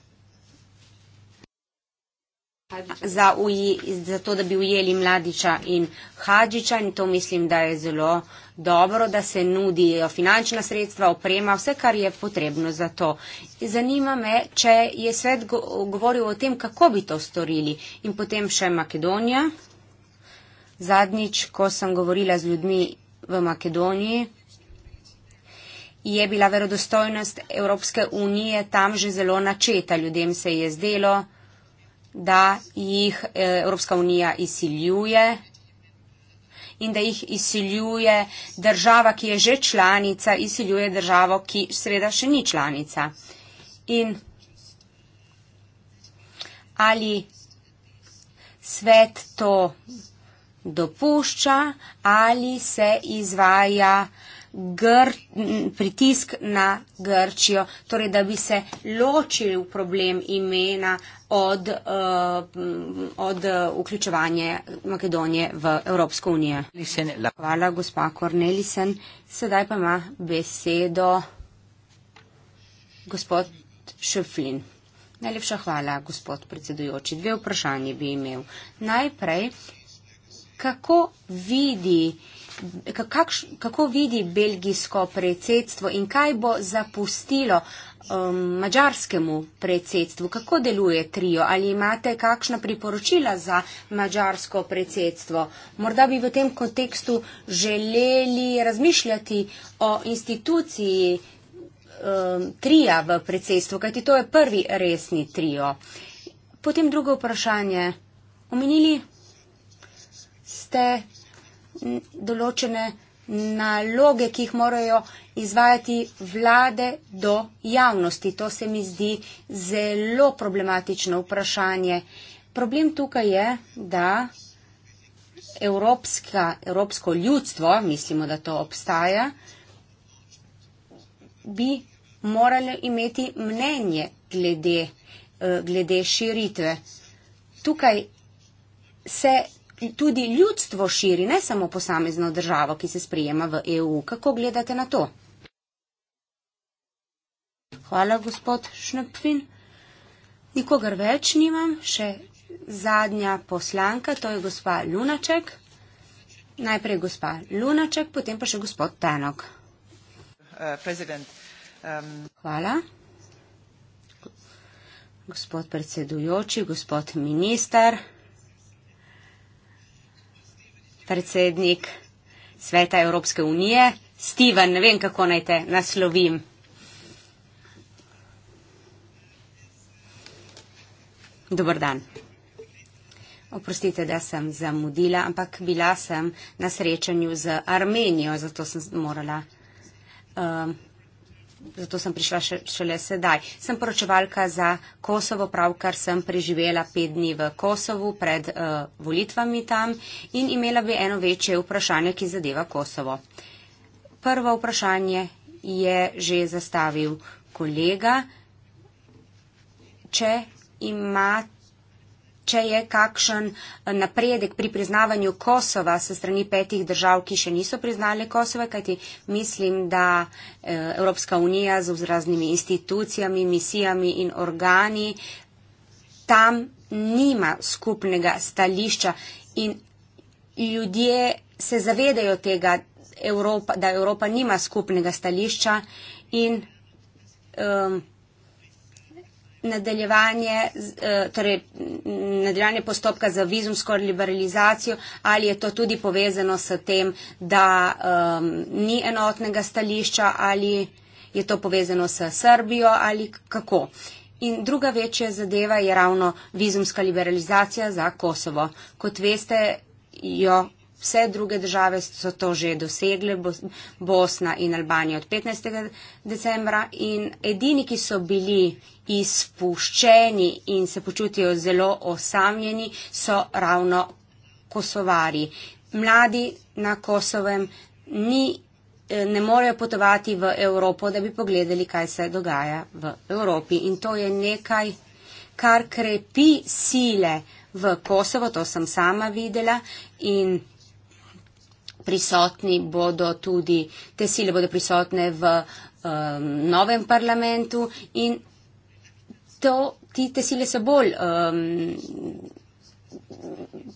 za, uji, za to, da bi ujeli mladiča in hađiča in to mislim, da je zelo dobro, da se nudijo finančna sredstva, oprema, vse, kar je potrebno za to. Zanima me, če je svet go govoril o tem, kako bi to storili in potem še Makedonija. Zadnjič, ko sem govorila z ljudmi v Makedoniji, je bila verodostojnost Evropske unije tam že zelo načeta. Ljudem se je zdelo, da jih eh, Evropska unija izsiljuje in da jih izsiljuje država, ki je že članica, izsiljuje državo, ki seveda še ni članica. In ali svet to dopušča ali se izvaja uh, gr, pritisk na Grčijo, torej da bi se ločil problem imena od, uh, od vključevanja Makedonije v Evropsko unijo. Hvala, gospa Kornelisen. Sedaj pa ima besedo gospod Šeflin. Najlepša hvala, gospod predsedujoči. Dve vprašanje bi imel. Najprej, kako vidi kakš, kako vidi belgijsko predsedstvo in kaj bo zapustilo um, mađarskemu predsedstvu? Kako deluje trio? Ali imate kakšna priporočila za mađarsko predsedstvo? Morda bi v tem kontekstu želeli razmišljati o instituciji um, trija v predsedstvu, kajti to je prvi resni trio. Potem drugo vprašanje. Omenili ste določene naloge, ki jih morajo izvajati vlade do javnosti. To se mi zdi zelo problematično vprašanje. Problem tukaj je, da evropska, evropsko ljudstvo, mislimo, da to obstaja, bi morali imeti mnenje glede, eh, glede širitve. Tukaj se tudi ljudstvo širi, ne samo posamezno državo, ki se sprijema v EU. Kako gledate na to? Hvala, gospod Šnepfin. Nikogar več nimam, še zadnja poslanka, to je gospa Lunaček. Najprej gospa Lunaček, potem pa še gospod Tenok. Uh, um, Hvala. Gospod predsedujoči, gospod minister predsednik Sveta Evropske unije. Steven, ne vem, kako naj te naslovim. Dobr dan. Oprostite, da sem zamudila, ampak bila sem na srečanju z Armenijo, zato sem morala um, zato sem prišla šele sedaj. Sem poročevalka za Kosovo, pravkar sem preživela pet dni v Kosovu pred uh, volitvami tam in imela bi eno večje vprašanje, ki zadeva Kosovo. Prvo vprašanje je že zastavil kolega. Če imate če je kakšen eh, napredek pri priznavanju Kosova se strani petih držav, ki še niso priznali Kosova, kajti mislim, da eh, Evropska unija z vzraznimi institucijami, misijami in organi tam nima skupnega stališča in ljudje se zavedajo tega, Evropa, da Evropa nima skupnega stališča in um, nadaljevanje, eh, torej nadaljevanje postopka za vizumsko liberalizacijo ali je to tudi povezano s tem, da um, ni enotnega stališča ali je to povezano s Srbijo ali kako. In druga večja zadeva je ravno vizumska liberalizacija za Kosovo. Kot veste, jo vse druge države so to že dosegle, Bosna in Albanija od 15. decembra in edini, ki so bili izpuščeni in se počutijo zelo osamljeni, so ravno kosovari. Mladi na Kosovem ni, eh, ne morejo potovati v Evropo, da bi pogledali, kaj se dogaja v Evropi. In to je nekaj, kar krepi sile v Kosovo, to sem sama videla. In prisotni bodo tudi, te sile bodo prisotne v um, novem parlamentu in to, ti, te sile so bolj um,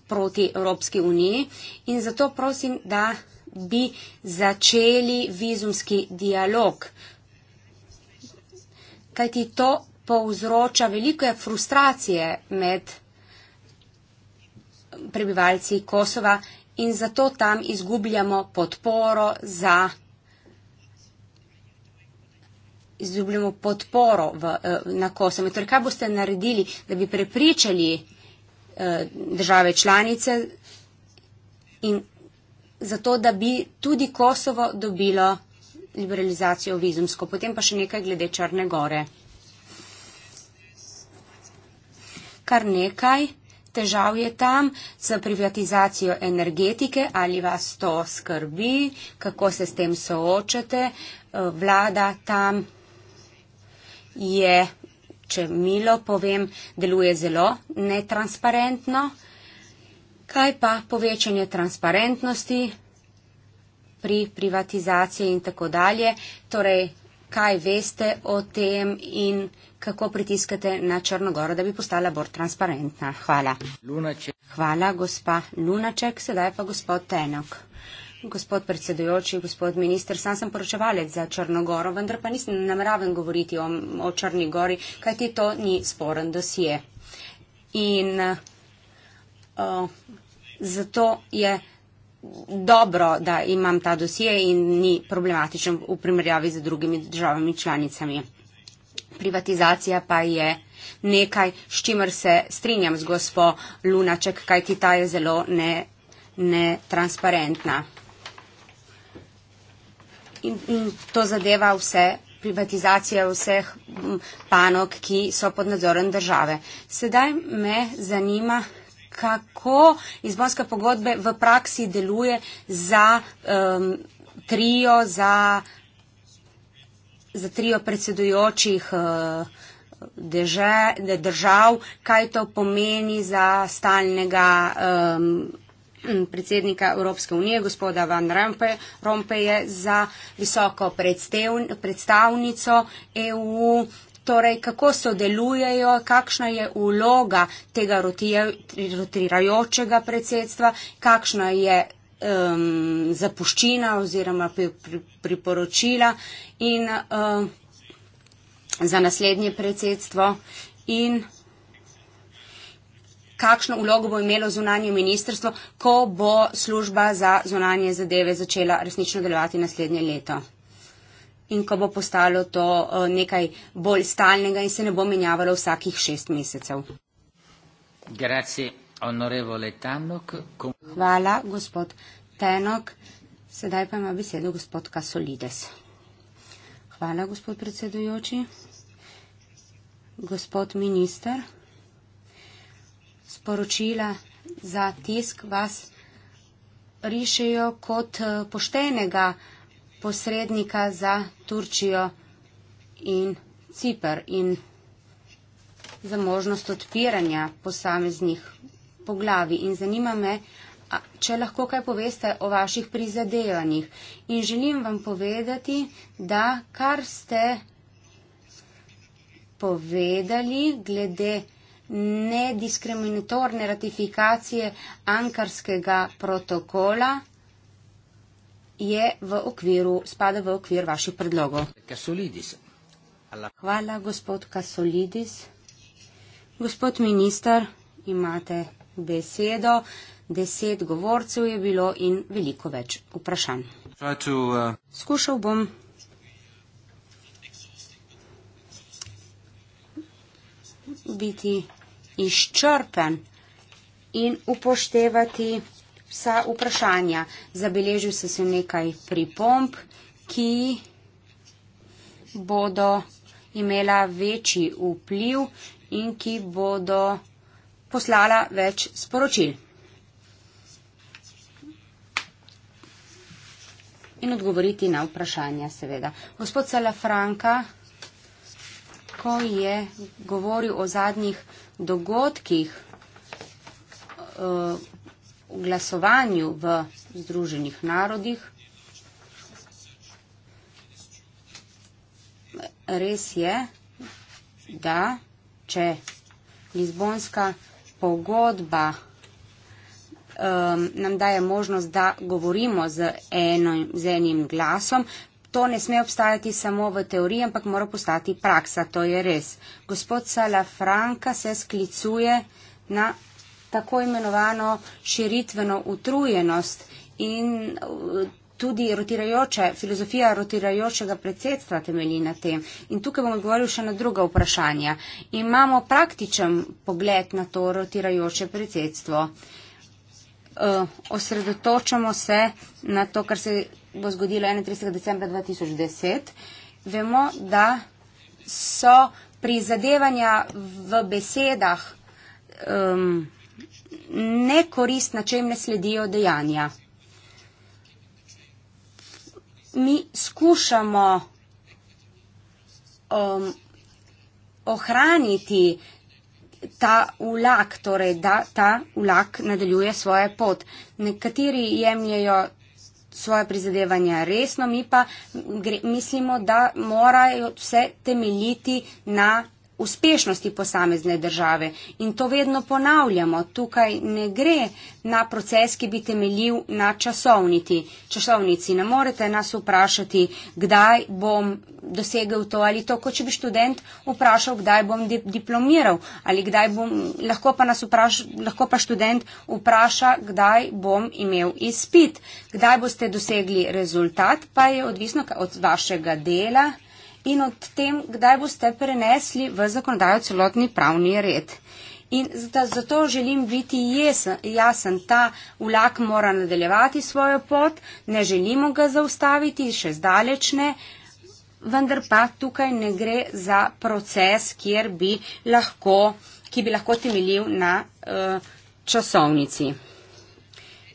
proti Evropski uniji in zato prosim, da bi začeli vizumski dialog. Kajti to povzroča veliko frustracije med prebivalci Kosova in zato tam izgubljamo podporo za. Izgubljamo podporo v, eh, na Kosovo. Torej, kaj boste naredili, da bi prepričali eh, države članice in zato, da bi tudi Kosovo dobilo liberalizacijo vizumsko. Potem pa še nekaj glede Črne gore. Kar nekaj težav je tam s privatizacijo energetike, ali vas to skrbi, kako se s tem soočate. Eh, vlada tam je, če milo povem, deluje zelo netransparentno. Kaj pa povečanje transparentnosti pri privatizaciji in tako dalje? Torej, kaj veste o tem in kako pritiskate na Črnogoro, da bi postala bolj transparentna. Hvala. Lunaček. Hvala, gospa Lunaček. Sedaj pa gospod Tenok. Gospod predsedujoči, gospod minister, sam sem poročevalec za Črnogoro, vendar pa nisem nameraven govoriti o, o Črni gori, kajti to ni sporen dosje. In uh, zato je dobro, da imam ta dosije in ni problematičen v primerjavi z drugimi državami članicami. Privatizacija pa je nekaj, s čimer se strinjam z gospo Lunaček, kajti ta je zelo netransparentna. Ne in, in to zadeva vse privatizacije vseh panog, ki so pod nadzorom države. Sedaj me zanima kako izbonska pogodbe v praksi deluje za um, trio, za, za trio predsedujočih uh, deže, držav, kaj to pomeni za stalnega um, predsednika Evropske unije, gospoda Van Rompe, Rompeje, za visoko predstavnico EU. Um, torej kako sodelujejo, kakšna je uloga tega rotirajočega predsedstva, kakšna je um, zapuščina oziroma priporočila in, um, za naslednje predsedstvo in kakšno ulogo bo imelo zunanje ministrstvo, ko bo služba za zunanje zadeve začela resnično delovati naslednje leto in ko bo postalo to eh, nekaj bolj stalnega in se ne bo menjavalo vsakih šest mesecev. Hvala, gospod Tenok. Sedaj pa ima besedo gospod Kasolides. Hvala, gospod predsedujoči. Gospod minister, sporočila za tisk vas rišejo kot eh, poštenega, posrednika za Turčijo in Cipr in za možnost odpiranja posameznih poglavi. In zanima me, če lahko kaj poveste o vaših prizadevanjih. In želim vam povedati, da kar ste povedali glede nediskriminatorne ratifikacije ankarskega protokola, je v okviru, spada v okvir vaših predlogov. Hvala, gospod Kasolidis. Gospod minister, imate besedo. Deset govorcev je bilo in veliko več vprašanj. Uh, Skušal bom. biti izčrpen in upoštevati vsa vprašanja. Zabeležil sem se nekaj pripomp, ki bodo imela večji vpliv in ki bodo poslala več sporočil. In odgovoriti na vprašanja, seveda. Gospod Salafranka, ko je govoril o zadnjih dogodkih, eh, glasovanju v Združenih narodih. Res je, da če Lizbonska pogodba um, nam daje možnost, da govorimo z, eno, z enim glasom, to ne sme obstajati samo v teoriji, ampak mora postati praksa, to je res. Gospod Salafranka se sklicuje na tako imenovano širitveno utrujenost in eh, tudi rotirajoče, filozofija rotirajočega predsedstva temelji na tem. In tukaj bom odgovoril še na druga vprašanja. Imamo praktičen pogled na to rotirajoče predsedstvo. Eh, osredotočamo se na to, kar se bo zgodilo 31. decembra 2010. Vemo, da so prizadevanja v besedah um, ne korist, na čem ne sledijo dejanja. Mi skušamo um, ohraniti ta vlak, torej da ta vlak nadaljuje svoje pot. Nekateri jemljajo svoje prizadevanja resno, mi pa gre, mislimo, da morajo vse temeljiti na uspešnosti posamezne države. In to vedno ponavljamo. Tukaj ne gre na proces, ki bi temeljil na časovniti. časovnici. Ne morete nas vprašati, kdaj bom dosegel to ali to, kot če bi študent vprašal, kdaj bom diplomiral. Ali kdaj bom, lahko pa, vpraš, lahko pa študent vpraša, kdaj bom imel izpit. Kdaj boste dosegli rezultat, pa je odvisno od vašega dela in o tem, kdaj boste prenesli v zakonodajo celotni pravni red. In zato želim biti jesen, jasen, ta vlak mora nadaljevati svojo pot, ne želimo ga zaustaviti, še zdaleč ne, vendar pa tukaj ne gre za proces, bi lahko, ki bi lahko temeljil na uh, časovnici.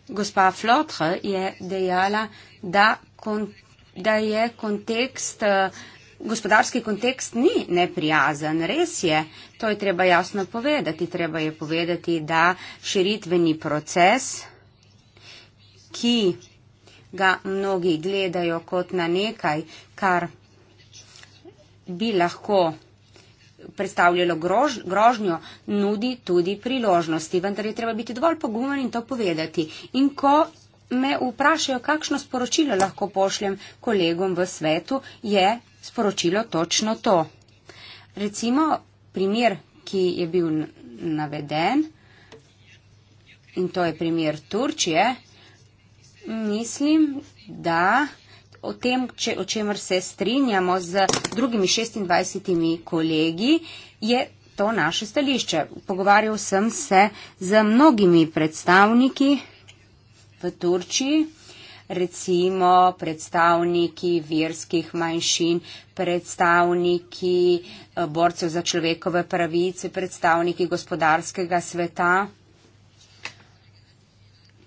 Gospa Flotre je dejala, da, kon, da je kontekst. Uh, gospodarski kontekst ni neprijazen, res je. To je treba jasno povedati. Treba je povedati, da širitveni proces, ki ga mnogi gledajo kot na nekaj, kar bi lahko predstavljalo grož, grožnjo, nudi tudi priložnosti. Vendar je treba biti dovolj pogumen in to povedati. In ko me vprašajo, kakšno sporočilo lahko pošljem kolegom v svetu, je sporočilo točno to. Recimo primer, ki je bil naveden, in to je primer Turčije, mislim, da o tem, če, o čemer se strinjamo z drugimi 26 kolegi, je to naše stališče. Pogovarjal sem se z mnogimi predstavniki v Turčiji recimo predstavniki verskih manjšin, predstavniki eh, borcev za človekove pravice, predstavniki gospodarskega sveta,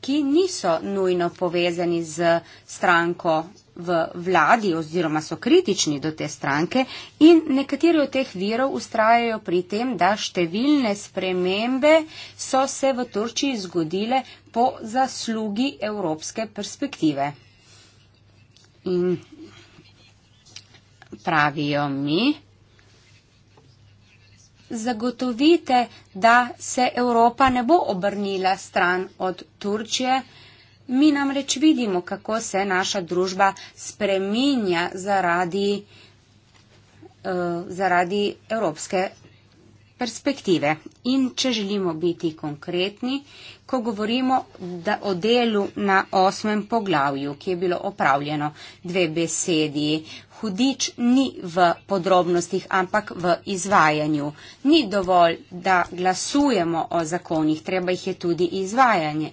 ki niso nujno povezani z stranko v vladi oziroma so kritični do te stranke in nekateri od teh virov ustrajajo pri tem, da številne spremembe so se v Turčiji zgodile po zaslugi evropske perspektive. In pravijo mi, zagotovite, da se Evropa ne bo obrnila stran od Turčije. Mi namreč vidimo, kako se naša družba spreminja zaradi, uh, zaradi evropske perspektive. In če želimo biti konkretni, uh, ko govorimo da, o delu na osmem poglavju, ki je bilo opravljeno dve besedi hudič ni v podrobnostih, ampak v izvajanju. Ni dovolj, da glasujemo o zakonih, treba jih je tudi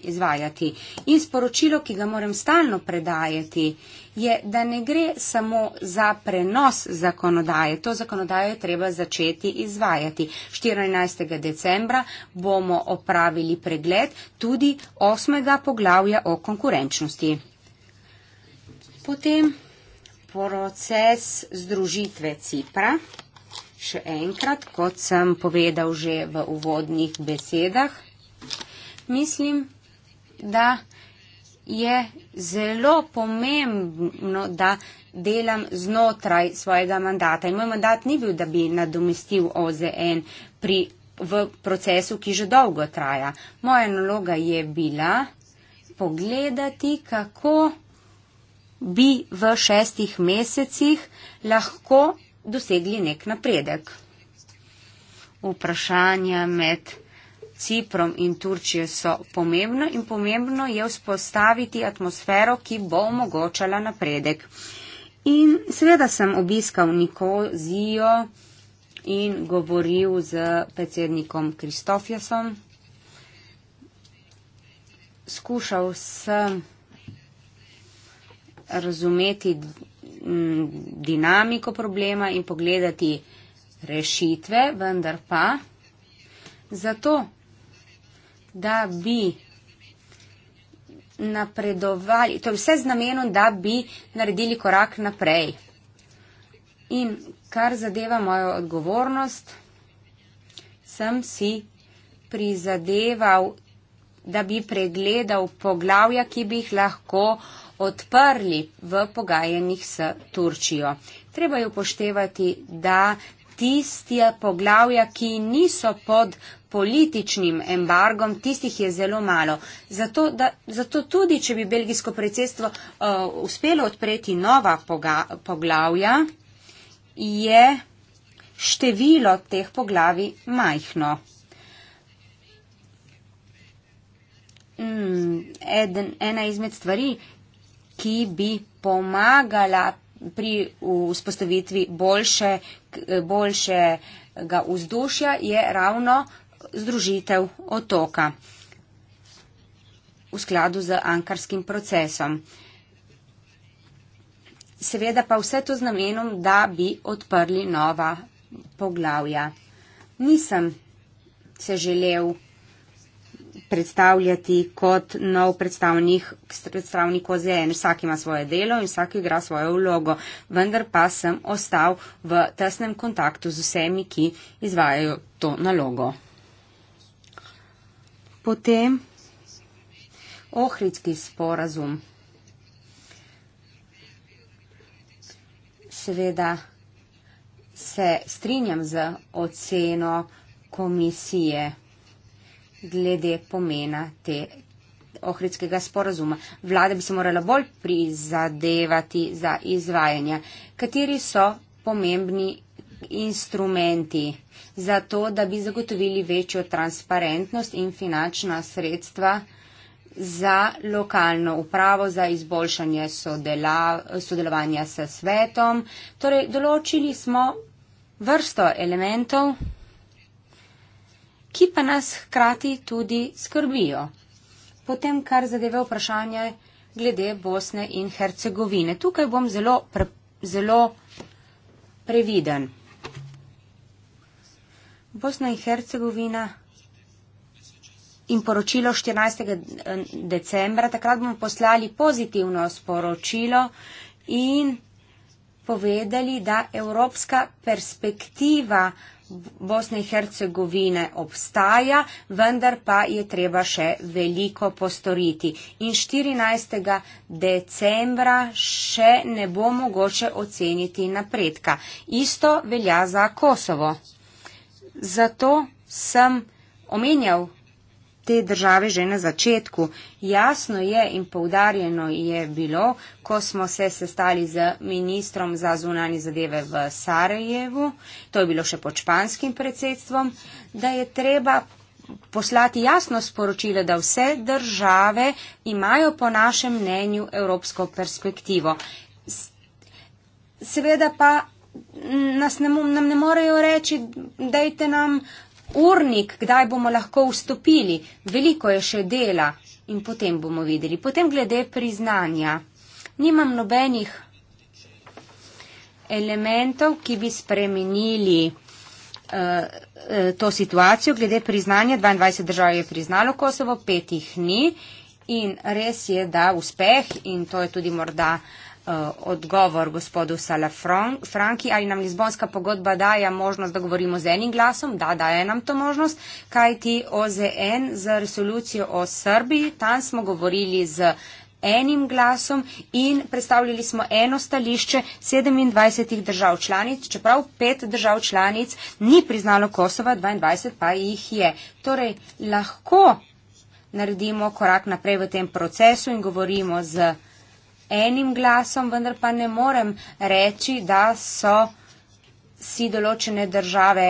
izvajati. In sporočilo, ki ga moram stalno predajati, je, da ne gre samo za prenos zakonodaje. To zakonodajo je treba začeti izvajati. 14. decembra bomo opravili pregled tudi osmega poglavja o konkurenčnosti. Potem proces združitve Cipra. Še enkrat, kot sem povedal že v uvodnih besedah, mislim, da je zelo pomembno, da delam znotraj svojega mandata. In moj mandat ni bil, da bi nadomestil OZN pri, v procesu, ki že dolgo traja. Moja naloga je bila pogledati, kako bi v šestih mesecih lahko dosegli nek napredek. Vprašanja med Ciprom in Turčijo so pomembna in pomembno je vzpostaviti atmosfero, ki bo omogočala napredek. In seveda sem obiskal Nikozijo in govoril z predsednikom Kristofjasom. Skušal sem razumeti mm, dinamiko problema in pogledati rešitve, vendar pa zato, da bi napredovali, to je vse z namenom, da bi naredili korak naprej. In kar zadeva mojo odgovornost, sem si prizadeval, da bi pregledal poglavja, ki bi jih lahko odprli v pogajanjih s Turčijo. Treba je upoštevati, da tiste poglavja, ki niso pod političnim embargom, tistih je zelo malo. Zato, da, zato tudi, če bi belgijsko predsedstvo uh, uspelo odpreti nova poga, poglavja, je število teh poglavi majhno. Hmm, eden, ena izmed stvari, ki bi pomagala pri vzpostavitvi boljše, boljšega vzdušja, je ravno združitev otoka v skladu z ankarskim procesom. Seveda pa vse to z namenom, da bi odprli nova poglavja. Nisem se želel predstavljati kot nov predstavnik, predstavnik OZN. Vsak ima svoje delo in vsak igra svojo vlogo, vendar pa sem ostal v tesnem kontaktu z vsemi, ki izvajajo to nalogo. Potem ohridski sporazum. Seveda se strinjam z oceno komisije glede pomena te ohridskega sporazuma. Vlada bi se morala bolj prizadevati za izvajanja. Kateri so pomembni instrumenti za to, da bi zagotovili večjo transparentnost in finančna sredstva za lokalno upravo, za izboljšanje sodela, sodelovanja s svetom. Torej, določili smo vrsto elementov, ki pa nas hkrati tudi skrbijo. Potem, kar zadeve vprašanje glede Bosne in Hercegovine. Tukaj bom zelo, pre, zelo previden. Bosna in Hercegovina. In poročilo 14. Eh, decembra, takrat bomo poslali pozitivno sporočilo in povedali, da evropska perspektiva Bosne in Hercegovine obstaja, vendar pa je treba še veliko postoriti. In 14. decembra še ne bo mogoče oceniti napredka. Isto velja za Kosovo. Zato sem omenjal te države že na začetku. Jasno je in poudarjeno je bilo, ko smo se sestali z ministrom za zunanje zadeve v Sarajevu, to je bilo še pod španskim predsedstvom, da je treba poslati jasno sporočilo, da vse države imajo po našem mnenju evropsko perspektivo. Seveda pa nas ne, nam ne morejo reči, dajte nam urnik, kdaj bomo lahko vstopili, veliko je še dela in potem bomo videli. Potem glede priznanja. Nimam nobenih elementov, ki bi spremenili uh, to situacijo. Glede priznanja, 22 držav je priznalo Kosovo, petih ni. In res je, da uspeh in to je tudi morda. Uh, Eh, odgovor gospodu Sala Franki, ali nam Lizbonska pogodba daje možnost, da govorimo z enim glasom? Da, daje nam to možnost, kaj ti OZN za resolucijo o Srbiji, tam smo govorili z enim glasom in predstavljali smo eno stališče 27 držav članic, čeprav pet držav članic ni priznalo Kosova, 22 pa jih je. Torej, lahko naredimo korak naprej v tem procesu in govorimo z enim glasom, vendar pa ne morem reči, da so si določene države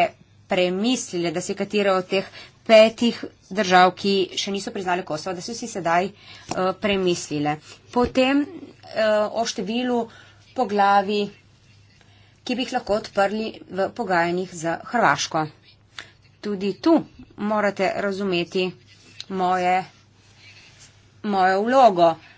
premislile, da si katere od teh petih držav, ki še niso priznali Kosova, da so si sedaj uh, premislile. Potem uh, o številu poglavi, ki bi jih lahko odprli v pogajanjih za Hrvaško. Tudi tu morate razumeti moje, mojo vlogo. Uh,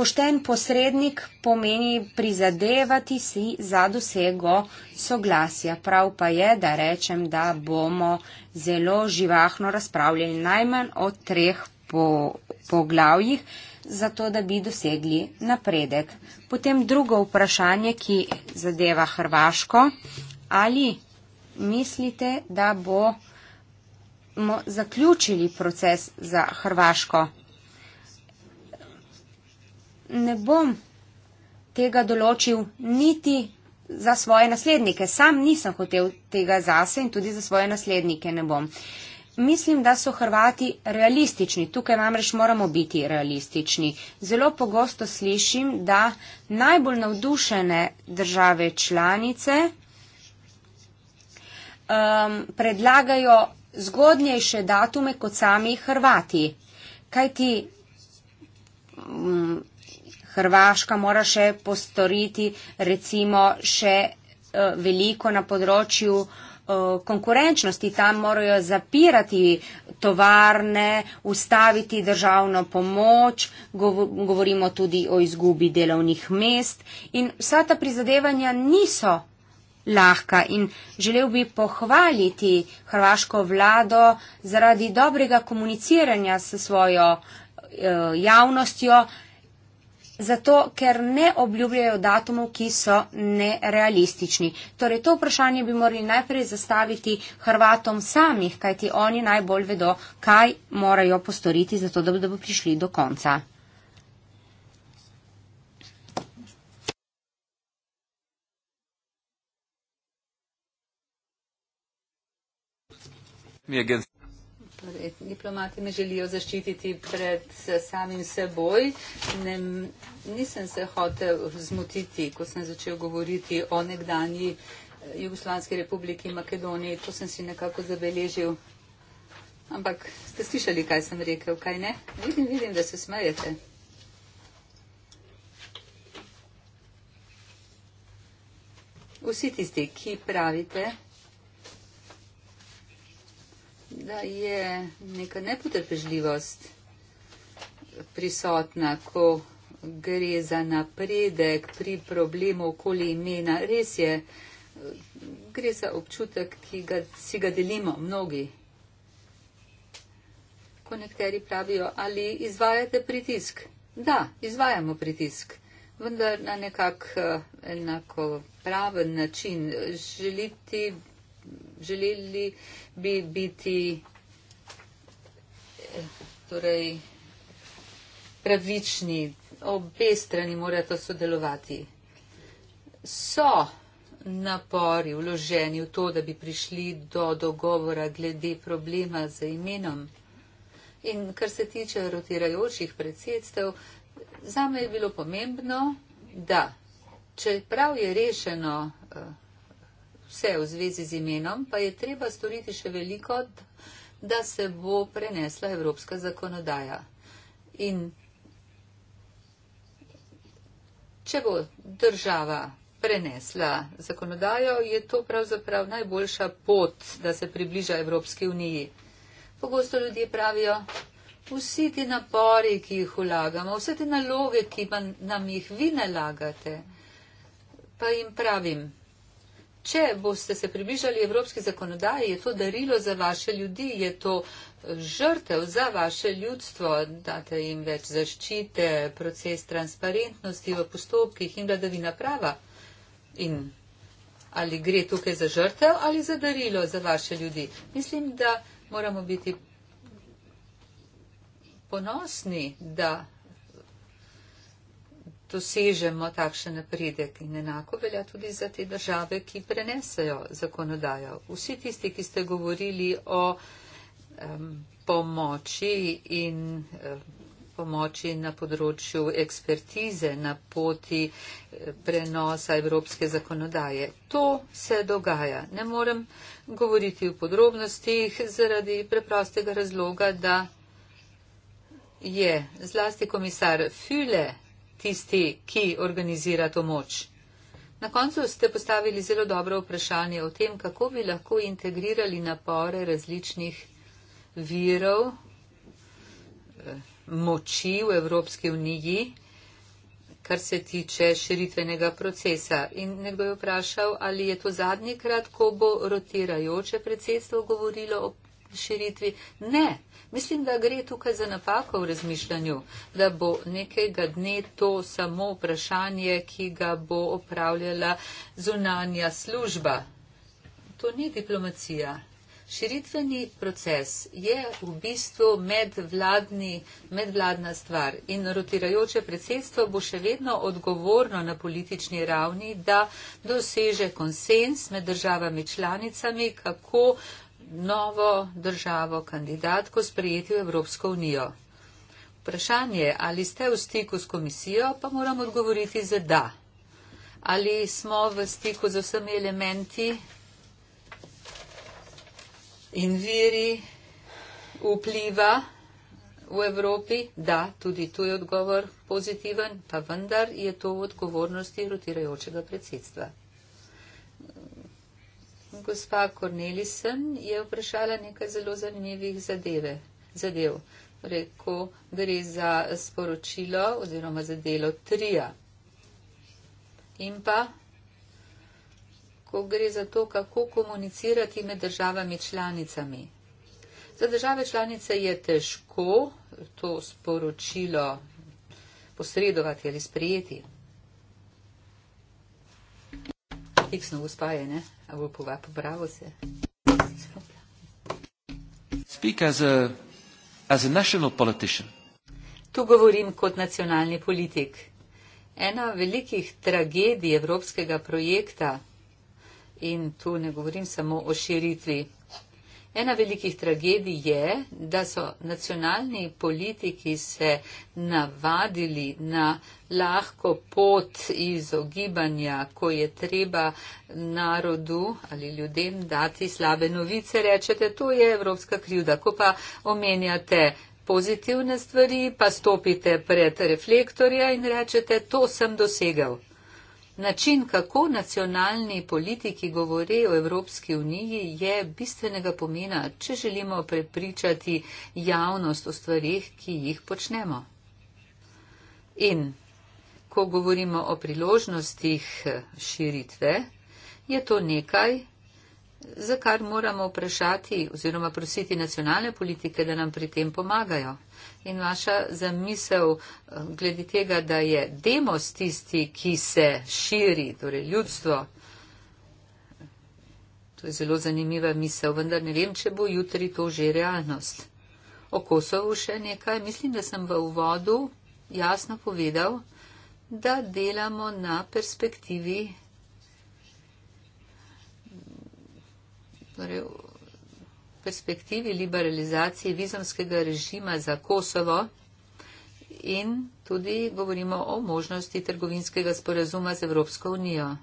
Pošten posrednik pomeni prizadevati si za dosego soglasja. Prav pa je, da rečem, da bomo zelo živahno razpravljali najmanj o treh poglavjih, po zato da bi dosegli napredek. Potem drugo vprašanje, ki zadeva Hrvaško. Ali mislite, da bomo zaključili proces za Hrvaško? ne bom tega določil niti za svoje naslednike. Sam nisem hotel tega zase in tudi za svoje naslednike ne bom. Mislim, da so Hrvati realistični. Tukaj namreč moramo biti realistični. Zelo pogosto slišim, da najbolj navdušene države članice um, predlagajo zgodnejše datume kot sami Hrvati. Kaj ti um, Hrvaška mora še postoriti recimo še eh, veliko na področju eh, konkurenčnosti. Tam morajo zapirati tovarne, ustaviti državno pomoč, govorimo tudi o izgubi delovnih mest in vsa ta prizadevanja niso lahka in želel bi pohvaliti hrvaško vlado zaradi dobrega komuniciranja s svojo eh, javnostjo, Zato, ker ne obljubljajo datumov, ki so nerealistični. Torej, to vprašanje bi morali najprej zastaviti Hrvatom samih, kajti oni najbolj vedo, kaj morajo postoriti, zato da bodo prišli do konca. Mi agencija diplomati me želijo zaščititi pred samim seboj. Ne, nisem se hotel zmotiti, ko sem začel govoriti o nekdanji eh, Jugoslavski republiki Makedoniji. To sem si nekako zabeležil. Ampak ste slišali, kaj sem rekel, kaj ne? Vidim, vidim, da se smejete. Vsi tisti, ki pravite, da je neka nepotrpežljivost prisotna, ko gre za napredek pri problemu okoli imena. Res je, gre za občutek, ki ga, si ga delimo mnogi. Ko nekateri pravijo, ali izvajate pritisk. Da, izvajamo pritisk, vendar na nekak eh, enako praven način. Želiti želeli bi biti eh, torej, pravični, obe strani morajo sodelovati. So napori vloženi v to, da bi prišli do dogovora glede problema z imenom. In kar se tiče rotirajočih predsedstev, zame je bilo pomembno, da čeprav je rešeno eh, vse v zvezi z imenom, pa je treba storiti še veliko, da se bo prenesla evropska zakonodaja. In če bo država prenesla zakonodajo, je to pravzaprav najboljša pot, da se približa Evropski uniji. Pogosto ljudje pravijo, vsi ti napori, ki jih vlagamo, vse te naloge, ki nam jih vi nalagate, pa jim pravim, Če boste se približali evropski zakonodaji, je to darilo za vaše ljudi, je to eh, žrtev za vaše ljudstvo, date jim več zaščite, proces transparentnosti v postopkih in vladavina prava. In ali gre tukaj za žrtev ali za darilo za vaše ljudi. Mislim, da moramo biti ponosni, da dosežemo takšen napredek. In enako velja tudi za te države, ki prenesejo zakonodajo. Vsi tisti, ki ste govorili o um, pomoči in um, pomoči na področju ekspertize na poti eh, prenosa evropske zakonodaje. To se dogaja. Ne morem govoriti v podrobnostih zaradi preprostega razloga, da je zlasti komisar Füle tisti, ki organizira to moč. Na koncu ste postavili zelo dobro vprašanje o tem, kako bi lahko integrirali napore različnih virov eh, moči v Evropski uniji, kar se tiče širitvenega procesa. In nekdo je vprašal, ali je to zadnji krat, ko bo rotirajoče predsedstvo govorilo o širitvi. Ne, mislim, da gre tukaj za napako v razmišljanju, da bo nekega dne to samo vprašanje, ki ga bo opravljala zunanja služba. To ni diplomacija. Širitveni proces je v bistvu medvladni, medvladna stvar in rotirajoče predsedstvo bo še vedno odgovorno na politični ravni, da doseže konsens med državami članicami, kako novo državo, kandidatko sprejeti v Evropsko unijo. Vprašanje, ali ste v stiku s komisijo, pa moram odgovoriti za da. Ali smo v stiku z vsemi elementi in viri vpliva v Evropi? Da, tudi tu je odgovor pozitiven, pa vendar je to v odgovornosti rotirajočega predsedstva gospa Cornelisen je vprašala nekaj zelo zanimivih zadeve, zadev. Torej, ko gre za sporočilo oziroma za delo trija. In pa, ko gre za to, kako komunicirati med državami članicami. Za države članice je težko to sporočilo posredovati ali sprejeti. Fiksno uspaje, ne? A bo povap, bravo se. Speak as a, as a national politician. Tu govorim kot nacionalni politik. Ena velikih tragedij evropskega projekta, in tu ne govorim samo o širitvi Ena velikih tragedij je, da so nacionalni politiki se navadili na lahko pot izogibanja, ko je treba narodu ali ljudem dati slabe novice, rečete, to je evropska krivda. Ko pa omenjate pozitivne stvari, pa stopite pred reflektorja in rečete, to sem dosegel. Način, kako nacionalni politiki govore o Evropski uniji, je bistvenega pomena, če želimo prepričati javnost o stvarih, ki jih počnemo. In ko govorimo o priložnostih širitve, je to nekaj, za kar moramo vprašati oziroma prositi nacionalne politike, da nam pri tem pomagajo. In vaša zamisel eh, glede tega, da je demos tisti, ki se širi, torej ljudstvo, to je zelo zanimiva misel, vendar ne vem, če bo jutri to že realnost. O Kosovu še nekaj. Mislim, da sem v uvodu jasno povedal, da delamo na perspektivi torej, v perspektivi liberalizacije vizumskega režima za Kosovo in tudi govorimo o možnosti trgovinskega sporazuma z Evropsko unijo.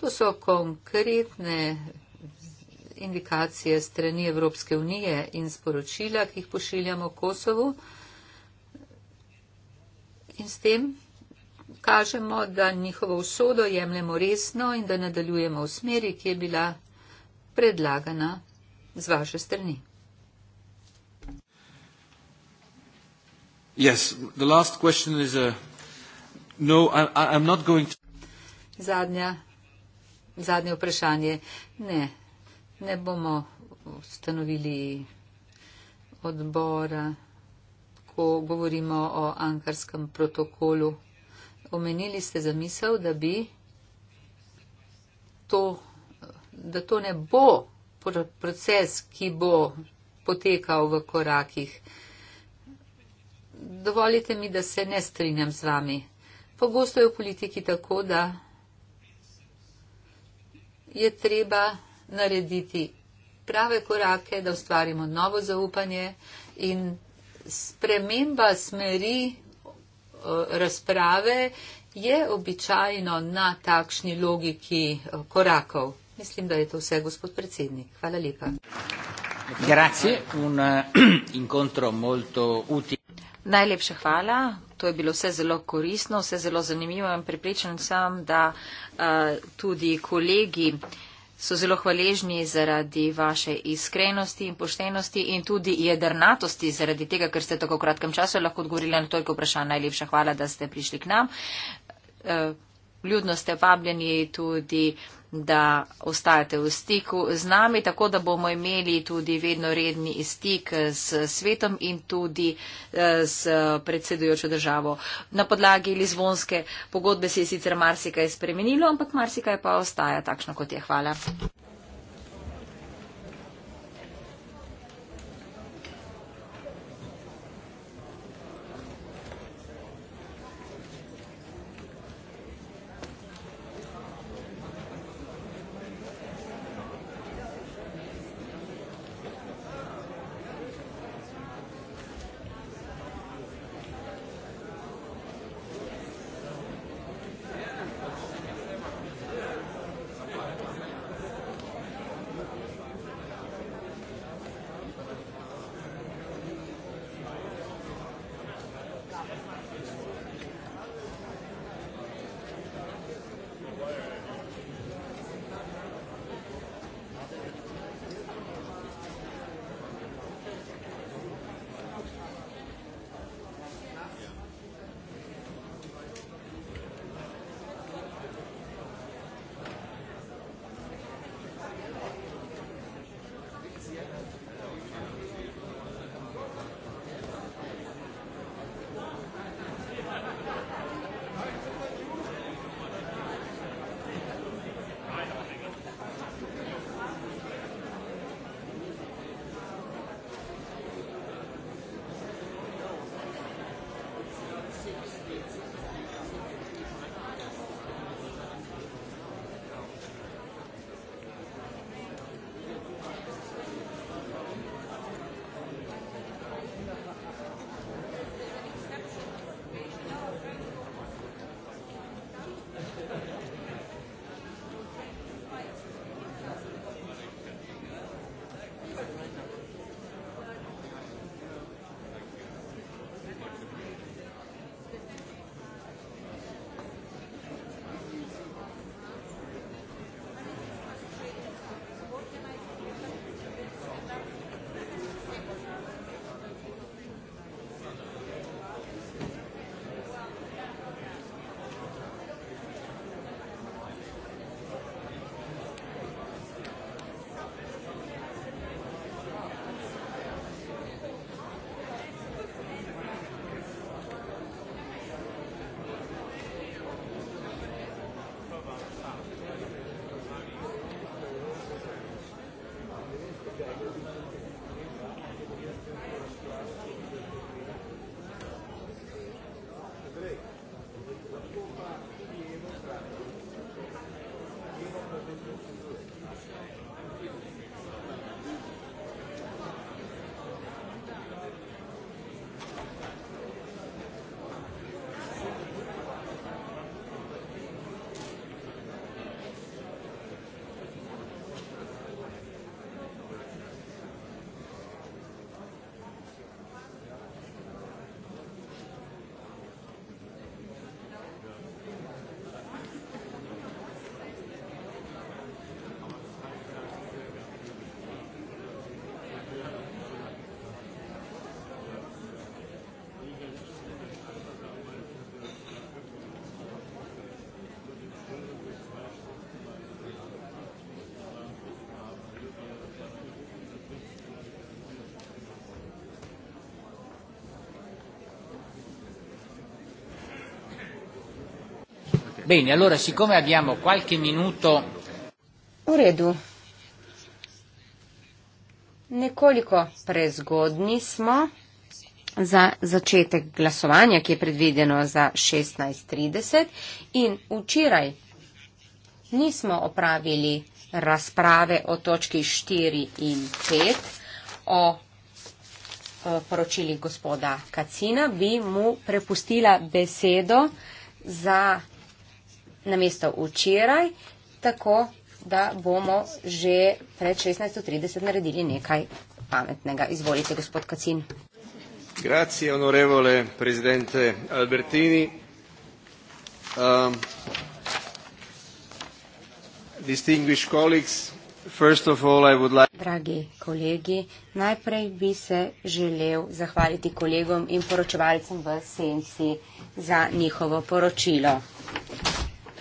To so konkretne indikacije strani Evropske unije in sporočila, ki jih pošiljamo Kosovu. In s tem kažemo, da njihovo usodo jemljemo resno in da nadaljujemo v smeri, ki je bila predlagana z vaše strani. Yes, the last question is a uh, no, I, I'm not going to. Zadnja, zadnje vprašanje. Ne, ne bomo ustanovili odbora, ko govorimo o ankarskem protokolu. Omenili ste zamisel, da bi to da to ne bo proces, ki bo potekal v korakih. Dovolite mi, da se ne strinjam z vami. Pogosto je v politiki tako, da je treba narediti prave korake, da ustvarimo novo zaupanje in sprememba smeri razprave je običajno na takšni logiki korakov. Mislim, da je to vse, gospod predsednik. Hvala lepa. Grazie, un incontro molto utile. Najlepša hvala. To je bilo vse zelo korisno, vse zelo zanimivo in pripričan sem, da uh, tudi kolegi so zelo hvaležni zaradi vaše iskrenosti in poštenosti in tudi jedrnatosti zaradi tega, ker ste tako v kratkem času lahko odgovorili na toliko vprašanj. Najlepša hvala, da ste prišli k nam. Uh, eh, ljudno ste vabljeni tudi. Uh, da ostajate v stiku z nami, tako da bomo imeli tudi vedno redni stik s svetom in tudi eh, s predsedujočo državo. Na podlagi Lizbonske pogodbe se je sicer marsikaj spremenilo, ampak marsikaj pa ostaja takšno, kot je. Hvala. Bene, allora siccome abbiamo qualche minuto. Uredu. Nekoliko prezgodni smo za začetek glasovanja, ki je predvideno za 16.30 in včeraj nismo opravili razprave o točki 4 in 5 o, o poročili gospoda Kacina. Bi mu prepustila besedo za namesto včeraj, tako da bomo že pred 16.30 naredili nekaj pametnega. Izvolite, gospod Kacin. Grazie, onorevole prezidente Albertini. Um, distinguished colleagues, first of all I would like. Dragi kolegi, najprej bi se želel zahvaliti kolegom in poročevalcem v senci za njihovo poročilo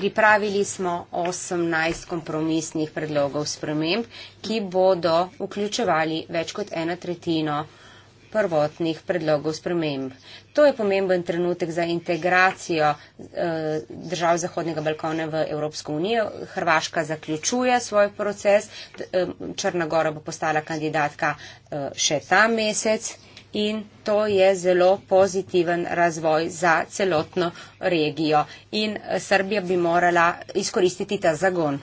pripravili smo 18 kompromisnih predlogov sprememb, ki bodo vključevali več kot eno tretjino prvotnih predlogov sprememb. To je pomemben trenutek za integracijo eh, držav Zahodnega Balkona v Evropsko unijo. Hrvaška zaključuje svoj proces, eh, Črna Gora bo postala kandidatka eh, še ta mesec in to je zelo pozitiven razvoj za celotno regijo. In eh, Srbija bi morala izkoristiti ta zagon.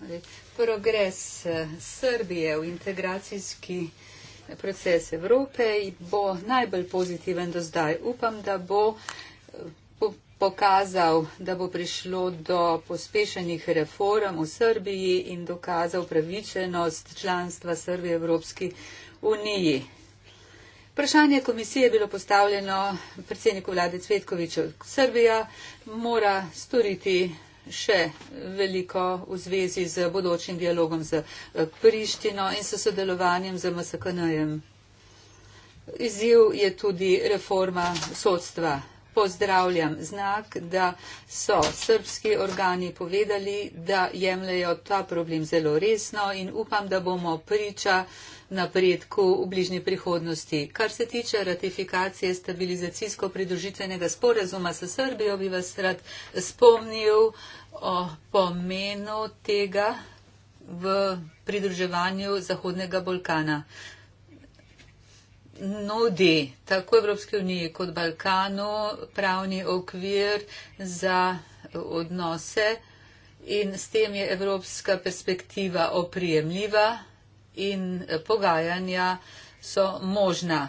Torej, progres eh, Srbije v integracijski proces Evrope bo najbolj pozitiven do zdaj. Upam, da bo eh, pokazal, da bo prišlo do pospešenih reform v Srbiji in dokazal pravičenost članstva Srbije v Evropski uniji. Vprašanje komisije je bilo postavljeno predsedniku vlade Cvetkoviču. Srbija mora storiti še veliko v zvezi z bodočim dialogom z eh, Prištino in s sodelovanjem z MSKN-jem. Izziv je tudi reforma sodstva. Pozdravljam znak, da so srbski organi povedali, da jemljajo ta problem zelo resno in upam, da bomo priča napredku v bližnji prihodnosti. Kar se tiče ratifikacije stabilizacijsko-pridružitvenega sporazuma s Srbijo, bi vas rad spomnil o pomenu tega v pridruževanju Zahodnega Balkana. Nudi tako Evropske unije kot Balkanu pravni okvir za odnose in s tem je evropska perspektiva oprijemljiva in eh, pogajanja so možna.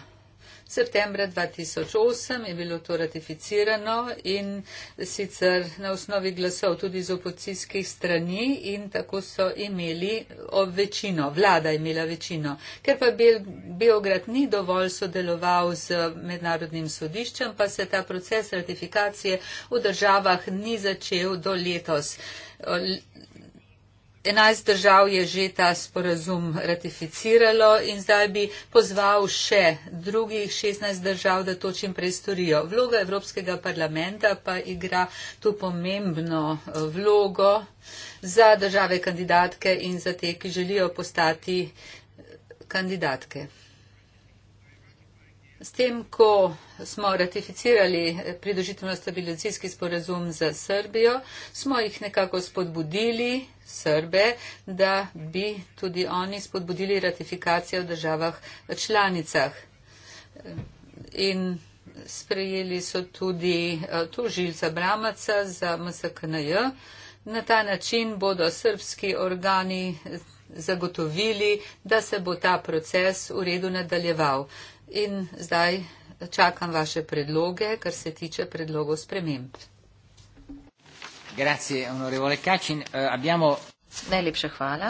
Septembra 2008 je bilo to ratificirano in sicer na osnovi glasov tudi iz opocijskih strani in tako so imeli večino, vlada je imela večino. Ker pa Bel Beograd ni dovolj sodeloval z mednarodnim sodiščem, pa se ta proces ratifikacije v državah ni začel do letos. 11 držav je že ta sporazum ratificiralo in zdaj bi pozval še drugih 16 držav, da to čim prej storijo. Vloga Evropskega parlamenta pa igra tu pomembno eh, vlogo za države kandidatke in za te, ki želijo postati eh, kandidatke. S tem, ko smo ratificirali eh, pridružitveno stabilizacijski sporazum za Srbijo, smo jih nekako spodbudili Srbe, da bi tudi oni spodbudili ratifikacijo v državah članicah. In sprejeli so tudi eh, tužilca Bramaca za MSKNJ. Na ta način bodo srbski organi zagotovili, da se bo ta proces v redu nadaljeval. In zdaj čakam vaše predloge, kar se tiče predlogov sprememb. Grazie, onorevole Kacin. Uh, abbiamo... Najlepša hvala,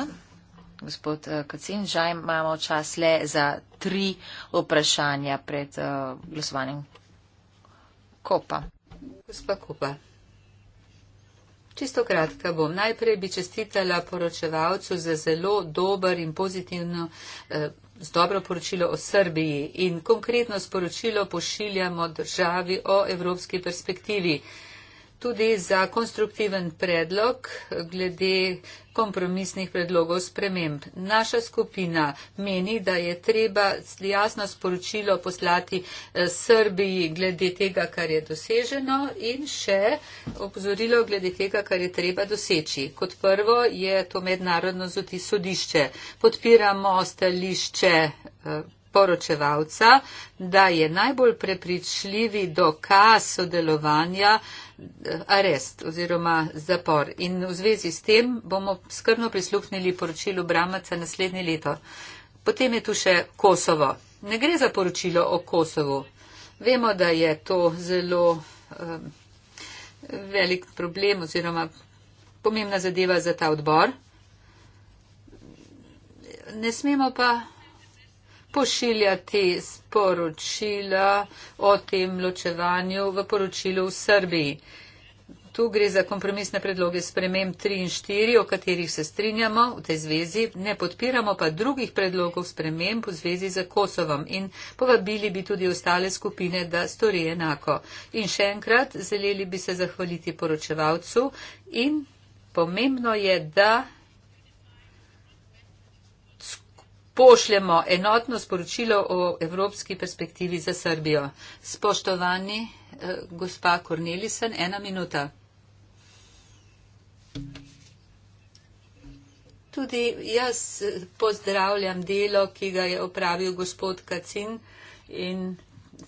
gospod eh, Kacin. Žaj imamo čas le za tri vprašanja pred uh, glasovanjem. Kopa. Gospa Kopa. Čisto kratka bom. Najprej bi čestitala poročevalcu za zelo dober in pozitivno, z eh, dobro poročilo o Srbiji. In konkretno sporočilo pošiljamo državi o evropski perspektivi. Eh, tudi za konstruktiven predlog glede kompromisnih predlogov sprememb. Naša skupina meni, da je treba jasno sporočilo poslati eh, Srbiji glede tega, kar je doseženo in še opozorilo glede tega, kar je treba doseči. Kot prvo je to mednarodno zuti sodišče. Podpiramo stališče eh, poročevalca, da je najbolj prepričljivi dokaz sodelovanja eh, arest oziroma zapor. In v zvezi s tem bomo skrbno prisluhnili poročilu Bramaca naslednje leto. Potem je tu še Kosovo. Ne gre za poročilo o Kosovu. Vemo, da je to zelo um, velik problem oziroma pomembna zadeva za ta odbor. Ne smemo pa pošilja te sporočila o tem ločevanju v poročilu v Srbiji. Tu gre za kompromisne predloge sprememb 3 in 4, o katerih se strinjamo v tej zvezi, ne podpiramo pa drugih predlogov sprememb v zvezi z Kosovom in povabili bi tudi ostale skupine, da stori enako. In še enkrat, želeli bi se zahvaliti poročevalcu in pomembno je, da pošljemo enotno sporočilo o evropski perspektivi za Srbijo. Spoštovani eh, gospa Kornelisen, ena minuta. Tudi jaz eh, pozdravljam delo, ki ga je opravil gospod Kacin in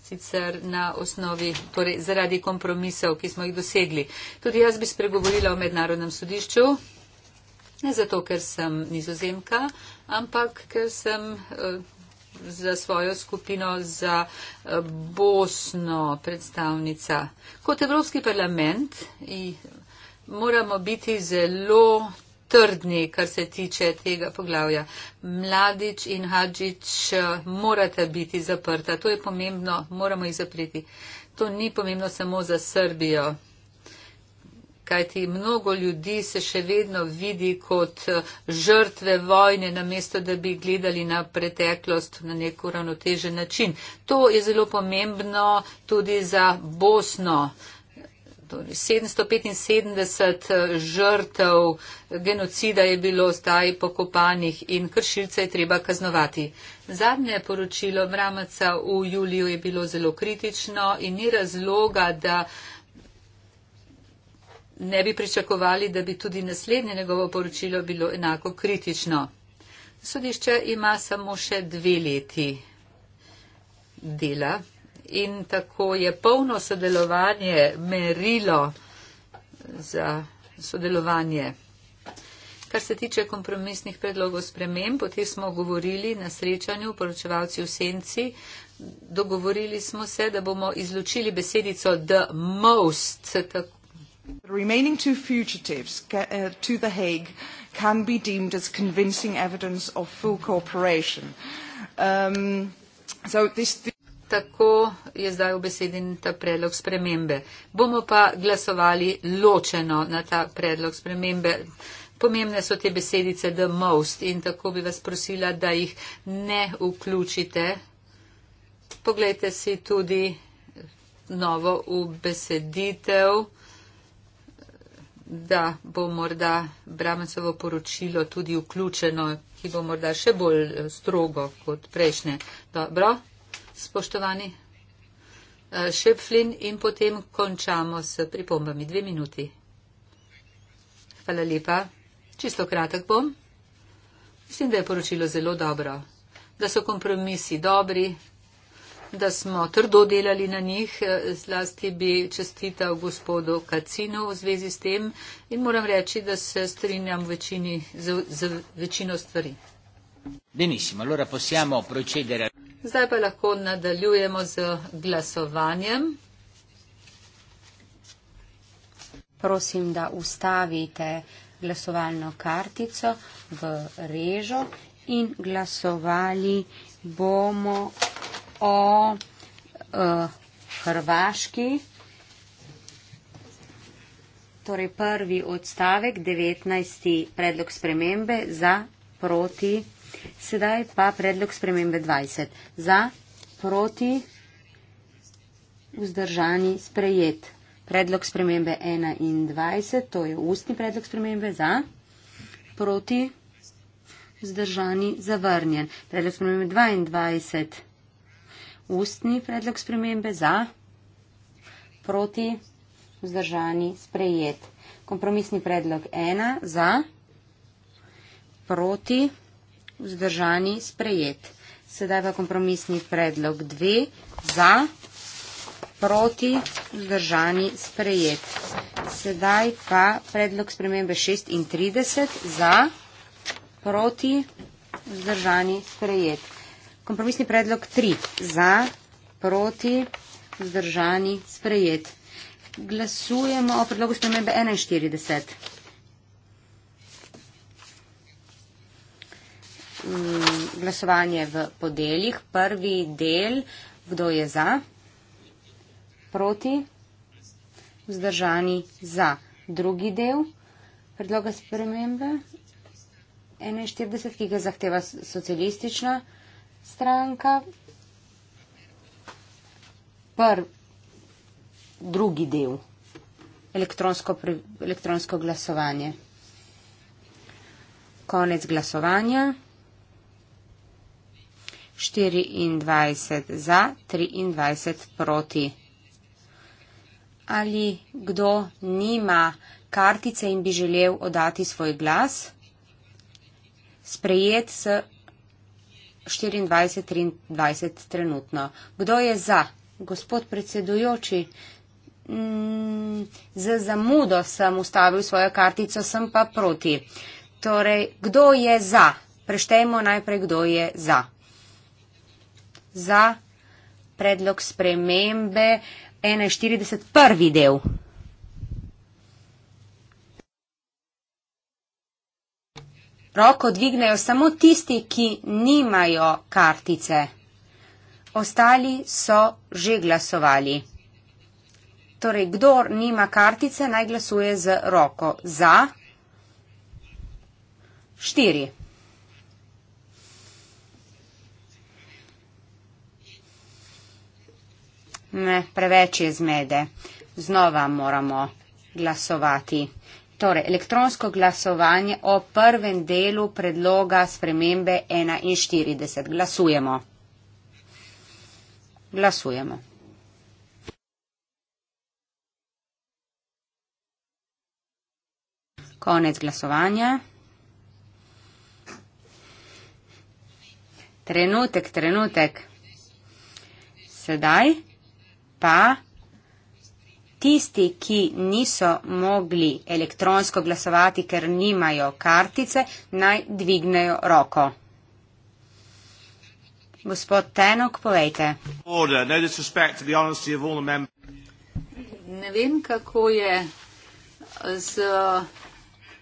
sicer na osnovi, torej zaradi kompromisov, ki smo jih dosegli. Tudi jaz bi spregovorila o mednarodnem sodišču. Ne zato, ker sem nizozemka, ampak ker sem eh, za svojo skupino, za eh, Bosno predstavnica. Kot Evropski parlament moramo biti zelo trdni, kar se tiče tega poglavja. Mladič in Hadžič eh, morata biti zaprta. To je pomembno, moramo jih zapreti. To ni pomembno samo za Srbijo kajti mnogo ljudi se še vedno vidi kot eh, žrtve vojne, namesto da bi gledali na preteklost na nek uravnotežen način. To je zelo pomembno tudi za Bosno. 775 torej, eh, žrtev genocida je bilo zdaj pokopanih in kršilce je treba kaznovati. Zadnje poročilo Vramaca v juliju je bilo zelo kritično in ni razloga, da ne bi pričakovali, da bi tudi naslednje njegovo poročilo bilo enako kritično. Sodišče ima samo še dve leti dela in tako je polno sodelovanje merilo za sodelovanje. Kar se tiče kompromisnih predlogov sprememb, potem smo govorili na srečanju poročevalci v senci, dogovorili smo se, da bomo izločili besedico the most, tako The remaining two fugitives uh, to The Hague can be deemed as convincing evidence of full cooperation. Um, so this, this Tako je zdaj obeseden ta predlog spremembe. Bomo pa glasovali ločeno na ta predlog spremembe. Pomembne so te besedice the most in tako bi vas prosila, da jih ne vključite. Poglejte si tudi novo ubeseditev da bo morda Bramensovo poročilo tudi vključeno, ki bo morda še bolj eh, strogo kot prejšnje. Dobro, spoštovani. Eh, še Flynn in potem končamo s pripombami. Dve minuti. Hvala lepa. Čisto kratek bom. Mislim, da je poročilo zelo dobro. Da so kompromisi dobri, da smo trdo delali na njih, zlasti bi čestital gospodu Kacinu v zvezi s tem in moram reči, da se strinjam večini, z, z večino stvari. Benissimo, allora possiamo procedere. Zdaj pa lahko nadaljujemo z glasovanjem. Prosim, da ustavite glasovalno kartico v režo in glasovali bomo o uh, Hrvaški. Torej prvi odstavek, 19. predlog spremembe za proti, sedaj pa predlog spremembe 20. Za proti vzdržani sprejet. Predlog spremembe 21, to je ustni predlog spremembe za proti vzdržani zavrnjen. Predlog spremembe 22 ustni predlog spremembe za, proti, vzdržani, sprejet. Kompromisni predlog ena za, proti, vzdržani, sprejet. Sedaj pa kompromisni predlog dve za, proti, vzdržani, sprejet. Sedaj pa predlog spremembe 36 za, proti, vzdržani, sprejet kompromisni predlog 3 za, proti, vzdržani, sprejet. Glasujemo o predlogu spremembe 41. Mm, glasovanje v podeljih. Prvi del, kdo je za, proti, vzdržani za. Drugi del predloga spremembe 41, ki ga zahteva socialistična stranka, prvi, drugi del, elektronsko, pre, elektronsko glasovanje. Konec glasovanja. 24 za, 23 proti. Ali kdo nima kartice in bi želel odati svoj glas, sprejet s 24-23 trenutno. Kdo je za? Gospod predsedujoči, mm, z zamudo sem ustavil svojo kartico, sem pa proti. Torej, kdo je za? Preštejmo najprej, kdo je za. Za predlog spremembe 41. prvi del. Roko dvignejo samo tisti, ki nimajo kartice. Ostali so že glasovali. Torej, kdor nima kartice, naj glasuje z roko za. Štiri. Ne, preveč je zmede. Znova moramo glasovati. Torej, elektronsko glasovanje o prvem delu predloga spremembe 41. Glasujemo. Glasujemo. Konec glasovanja. Trenutek, trenutek. Sedaj pa tisti, ki niso mogli elektronsko glasovati, ker nimajo kartice, naj dvignejo roko. Gospod Tenok, povejte. No ne vem, kako je z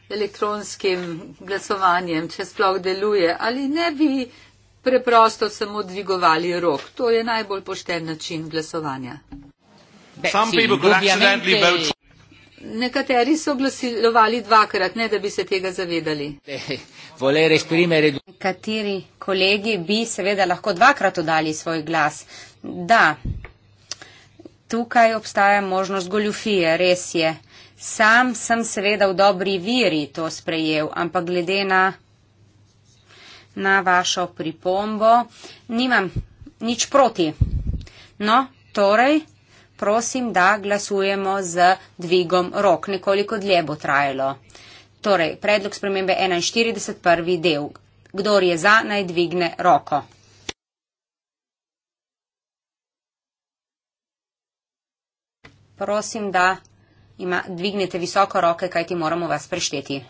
elektronskim glasovanjem, če sploh deluje, ali ne bi preprosto samo dvigovali rok. To je najbolj pošten način glasovanja. Nekateri so glasilovali dvakrat, ne da bi se tega zavedali. Nekateri kolegi bi seveda lahko dvakrat oddali svoj glas. Da, tukaj obstaja možnost goljufije, res je. Sam sem seveda v dobri viri to sprejel, ampak glede na, na vašo pripombo nimam nič proti. No, torej prosim, da glasujemo z dvigom rok. Nekoliko dlje bo trajalo. Torej, predlog spremembe 41. prvi del. Kdor je za, naj dvigne roko. Prosim, da ima, dvignete visoko roke, kajti moramo vas prešteti.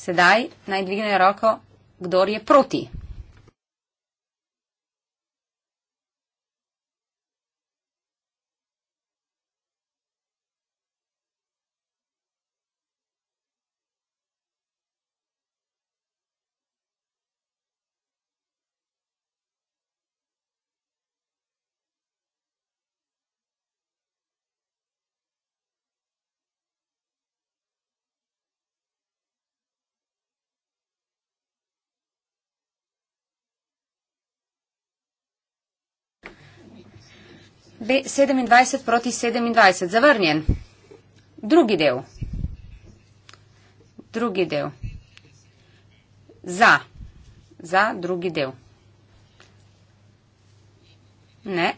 Sedaj naj dvigne roko, kdor je proti. B27 proti 27. Zavrnjen. Drugi del. Drugi del. Za. Za drugi del. Ne.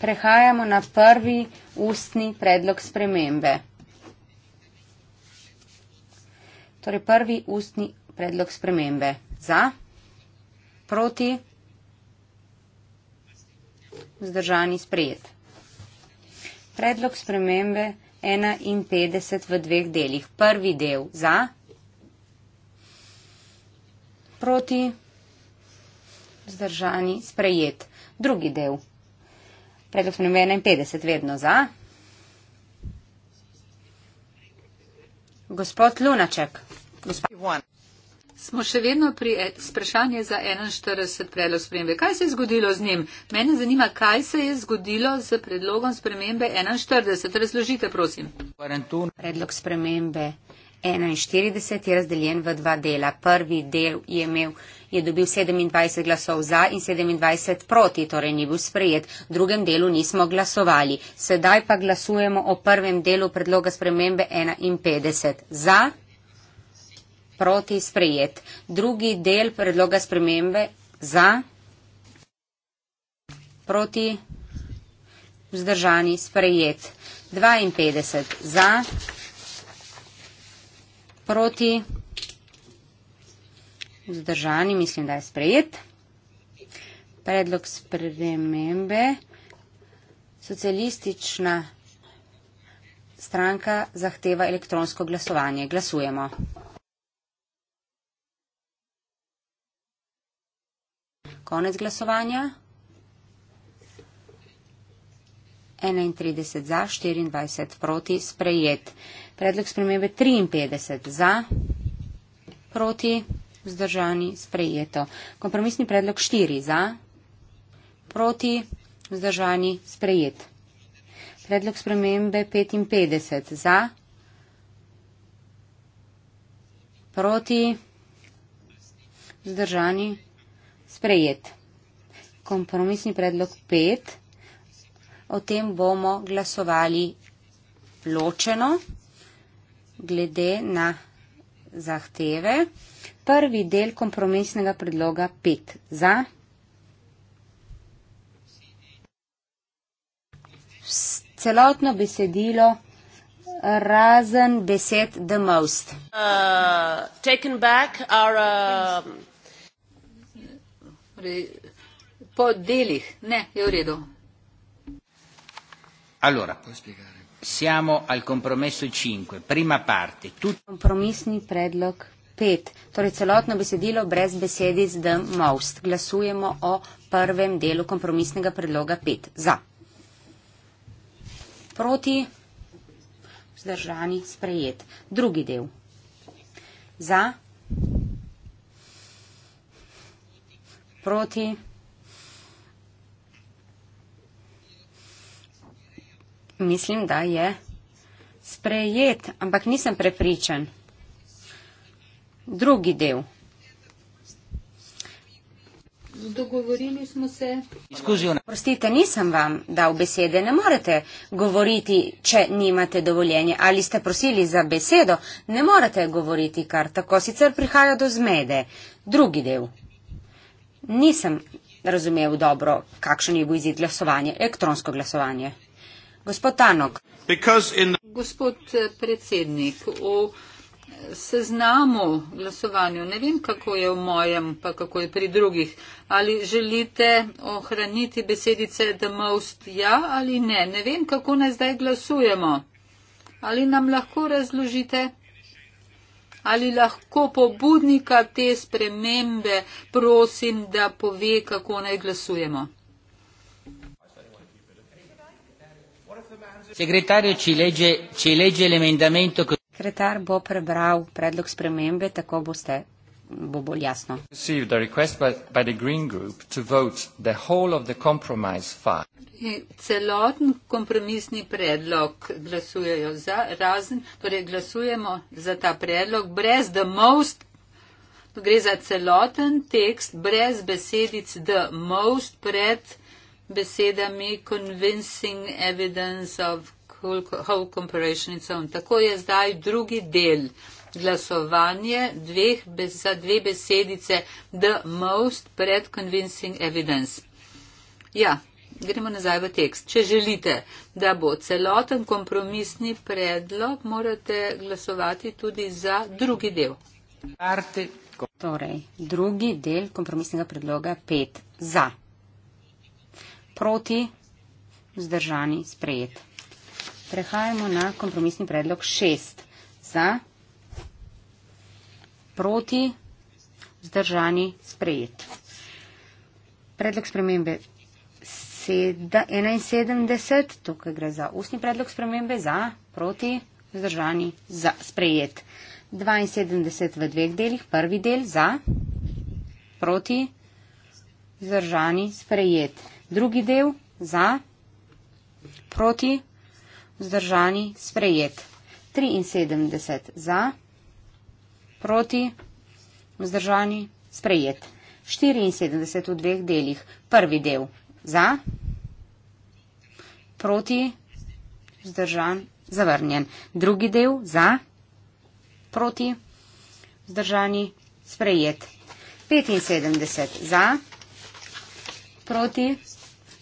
Prehajamo na prvi ustni predlog spremembe. Torej prvi ustni predlog spremembe. Za. Proti vzdržani sprejet. Predlog spremembe 51 v dveh delih. Prvi del za, proti, vzdržani sprejet. Drugi del. Predlog spremembe 51 vedno za. Gospod Lunaček. Gospod. Smo še vedno pri vprašanju e, za 41 predlog spremembe. Kaj se je zgodilo z njim? Mene zanima, kaj se je zgodilo z predlogom spremembe 41. Razložite, prosim. Predlog spremembe 41 je razdeljen v dva dela. Prvi del je imel je dobil 27 glasov za in 27 proti, torej ni bil sprejet. V drugem delu nismo glasovali. Sedaj pa glasujemo o prvem delu predloga spremembe 51. Za proti sprejet. Drugi del predloga spremembe za proti vzdržani sprejet. 52 za proti vzdržani, mislim, da je sprejet. Predlog spremembe. Socialistična stranka zahteva elektronsko glasovanje. Glasujemo. Konec glasovanja. 31 za, 24 proti, sprejet. Predlog spremembe 53 za, proti, vzdržani, sprejeto. Kompromisni predlog 4 za, proti, vzdržani, sprejet. Predlog spremembe 55 za, proti, vzdržani, sprejet sprejet. Kompromisni predlog 5. O tem bomo glasovali ločeno glede na zahteve. Prvi del kompromisnega predloga 5. Za. Celotno besedilo razen besed the most. Uh, taken back our, uh, pri, po delih. Ne, je v redu. Allora, siamo al compromesso 5, prima parte. Tut... Compromissni predlog 5, torej celotno besedilo brez besedic the most. Glasujemo o prvem delu kompromisnega predloga 5. Za. Proti. Vzdržani. Sprejet. Drugi del. Za. proti. Mislim, da je sprejet, ampak nisem prepričan. Drugi del. Dogovorili smo se. Prostite, nisem vam dal besede. Ne morete govoriti, če nimate dovoljenje. Ali ste prosili za besedo, ne morete govoriti, kar tako sicer prihaja do zmede. Drugi del nisem razumel dobro, kakšen je bil izid glasovanja, elektronsko glasovanje. Gospod Tanok. Gospod eh, predsednik, o seznamu glasovanju, ne vem, kako je v mojem, pa kako je pri drugih, ali želite ohraniti besedice the most ja ali ne, ne vem, kako naj zdaj glasujemo. Ali nam lahko razložite? ali lahko pobudnika te spremembe prosim, da pove, kako naj glasujemo. Sekretar bo prebral predlog spremembe, tako boste bo bolj jasno. Celoten kompromisni predlog glasujejo za, razen, torej glasujemo za ta predlog brez the most, gre za celoten tekst brez besedic the most pred besedami convincing evidence of whole cooperation in so on. Tako je zdaj drugi del glasovanje dveh, za dve besedice The Most Pred Convincing Evidence. Ja, gremo nazaj v tekst. Če želite, da bo celoten kompromisni predlog, morate glasovati tudi za drugi del. Torej, drugi del kompromisnega predloga pet za. Proti, vzdržani, sprejet. Prehajamo na kompromisni predlog šest za proti, vzdržani, sprejet. Predlog spremembe 71, tukaj gre za ustni predlog spremembe, za, proti, vzdržani, za, sprejet. 72 v dveh delih, prvi del za, proti, vzdržani, sprejet. Drugi del za, proti, vzdržani, sprejet. 73 za, proti, vzdržani, sprejet proti, vzdržani, sprejet. 74 v dveh delih. Prvi del za, proti, vzdržan, zavrnjen. Drugi del za, proti, vzdržani, sprejet. 75 za, proti,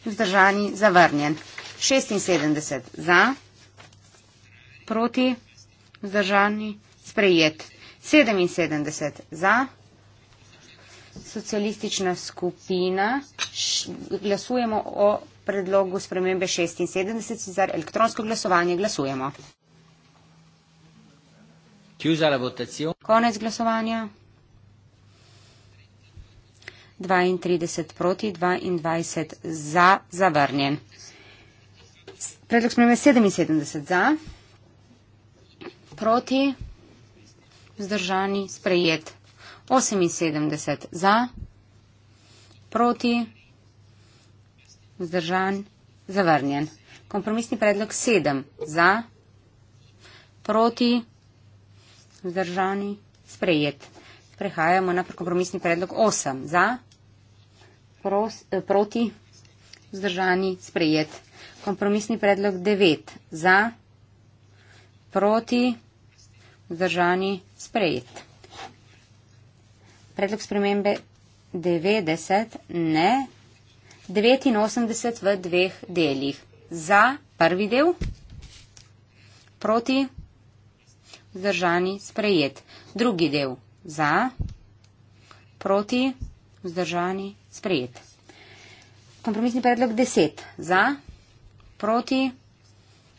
vzdržani, zavrnjen. 76 za, proti, vzdržani, sprejet. 77 za. Socialistična skupina. Š, glasujemo o predlogu spremembe 76 za elektronsko glasovanje. Glasujemo. Konec glasovanja. 32 proti, 22 za, zavrnjen. Predlog spremembe 77 za, proti vzdržani, sprejet 78 za, proti, vzdržan, zavrnjen. Kompromisni predlog 7 za, proti, vzdržani, sprejet. Prehajamo na kompromisni predlog 8 za, pros, eh, proti, vzdržani, sprejet. Kompromisni predlog 9 za, proti, vzdržani, sprejet vzdržani sprejet. Predlog spremembe 90 ne, 89 v dveh delih. Za prvi del, proti vzdržani sprejet. Drugi del, za, proti vzdržani sprejet. Kompromisni predlog 10, za, proti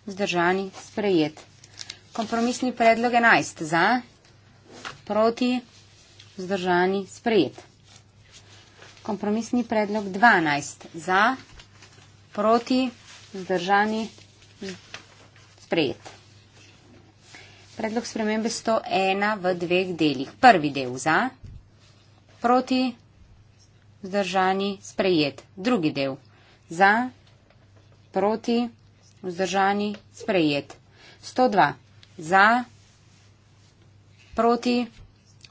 vzdržani sprejet kompromisni predlog 11 za, proti, vzdržani, sprejet. Kompromisni predlog 12 za, proti, vzdržani, sprejet. Predlog spremembe 101 v dveh delih. Prvi del za, proti, vzdržani, sprejet. Drugi del za, proti, vzdržani, sprejet. 102 za, proti,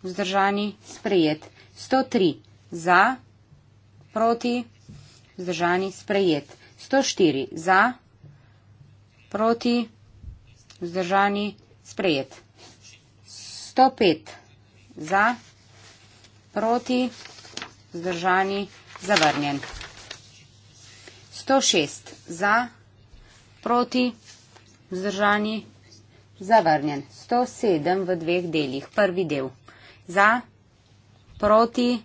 vzdržani, sprejet. 103 za, proti, vzdržani, sprejet. 104 za, proti, vzdržani, sprejet. 105 za, proti, vzdržani, zavrnjen. 106 za, proti, vzdržani, zavrnjen. Zavrnjen. 107 v dveh delih. Prvi del. Za, proti,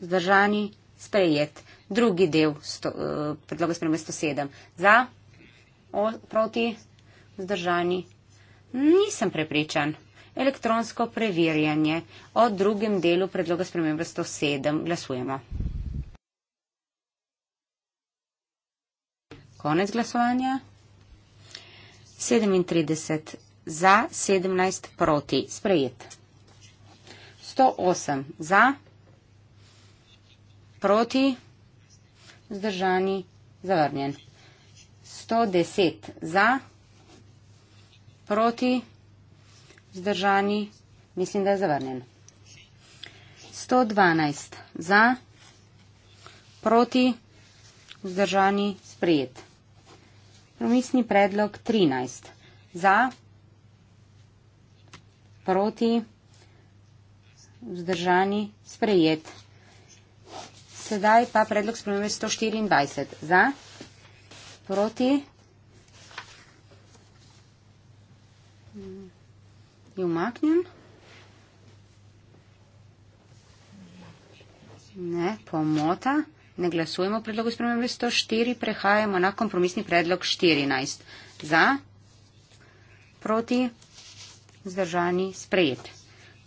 zdržani, sprejet. Drugi del eh, predloga spremembe 107. Za, o, proti, zdržani. Nisem prepričan. Elektronsko preverjanje o drugem delu predloga spremembe 107. Glasujemo. Konec glasovanja. 37 za, 17 proti. Sprejet. 108 za, proti, zdržani, zavrnjen. 110 za, proti, zdržani, mislim, da je zavrnjen. 112 za, proti, zdržani, sprejet. Promisni predlog 13 za, proti, zdržani, sprejet proti, vzdržani, sprejet. Sedaj pa predlog spremembe 124. Za, proti, ji umaknem. Ne, pomota. Ne glasujemo predlogu spremembe 104, prehajamo na kompromisni predlog 14. Za, proti, vzdržani, sprejet.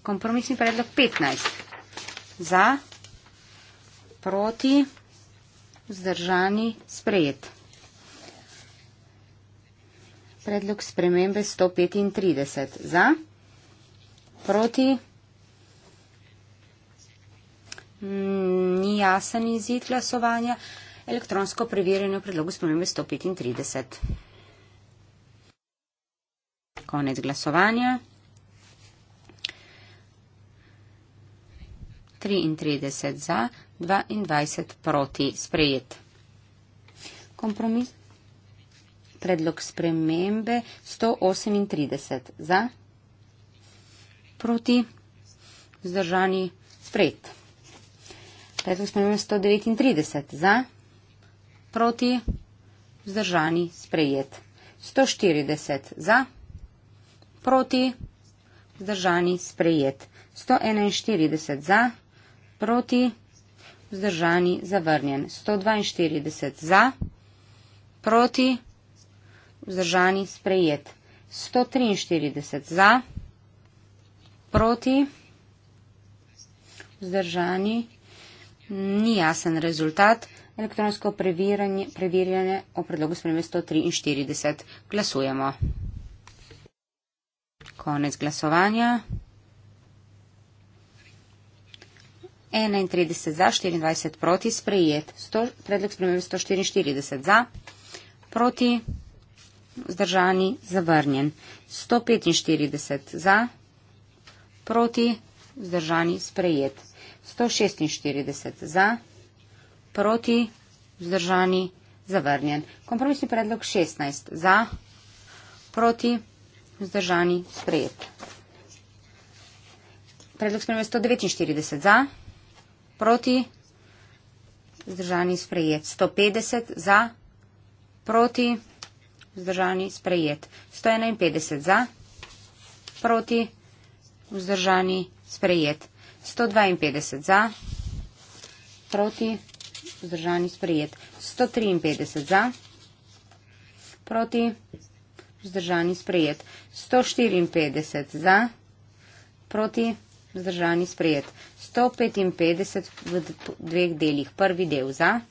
Kompromisni predlog 15. Za, proti, vzdržani, sprejet. Predlog spremembe 135. Za, proti, ni jasen izid glasovanja, elektronsko preverjanje v predlogu spremembe 135. Konec glasovanja. 33 za, 22 proti sprejet. Kompromis. Predlog spremembe 138 za, proti zdržani sprejet. Predlog spremembe 139 za, proti zdržani sprejet. 140 za, proti zdržani sprejet. 141 za, proti zdržani sprejet proti, vzdržani, zavrnjen. 142 za, proti, vzdržani, sprejet. 143 za, proti, vzdržani, ni jasen rezultat. Elektronsko preverjanje o predlogu spremembe 143. Glasujemo. Konec glasovanja. 31 za, 24 proti, sprejet. Sto, predlog spremembe 144 za, proti, vzdržani, zavrnjen. 145 za, proti, vzdržani, sprejet. 146 za, proti, vzdržani, zavrnjen. Kompromisni predlog 16 za, proti, vzdržani, sprejet. Predlog spremembe 149 za, proti, vzdržani sprejet. 150 za, proti, vzdržani sprejet. 151 za, proti, vzdržani sprejet. 152 za, proti, vzdržani sprejet. 153 za, proti, vzdržani sprejet. 154 za, proti, vzdržani sprejet vzdržani sprejet. 155 v dveh delih. Prvi del za,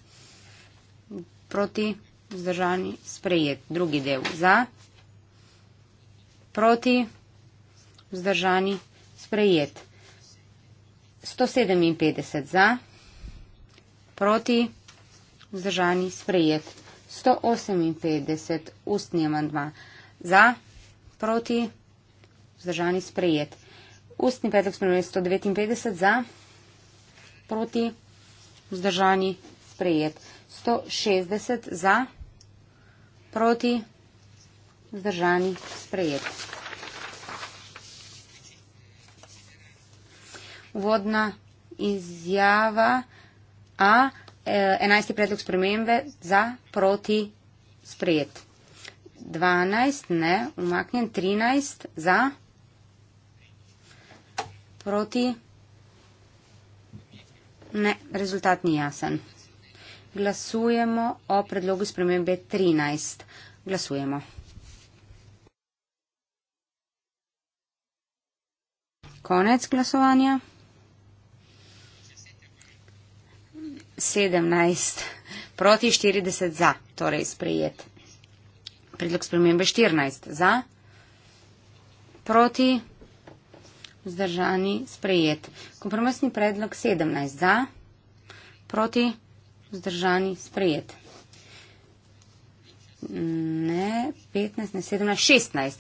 proti vzdržani sprejet. Drugi del za, proti vzdržani sprejet. 157 za, proti vzdržani sprejet. 158 ustni amandma za, proti vzdržani sprejet. Ustni predlog smo imeli 159 za, proti, vzdržani, sprejet. 160 za, proti, vzdržani, sprejet. Uvodna izjava A, 11. E, predlog spremembe za, proti, sprejet. 12, ne, umaknjen, 13 za, proti, vzdržani, sprejet proti? Ne, rezultat ni jasen. Glasujemo o predlogu spremembe 13. Glasujemo. Konec glasovanja. 17 proti 40 za, torej sprejet. Predlog spremembe 14 za, proti 40. Vzdržani sprejet. Kompromisni predlog 17 za, proti vzdržani sprejet. Ne, 15, ne 17, 16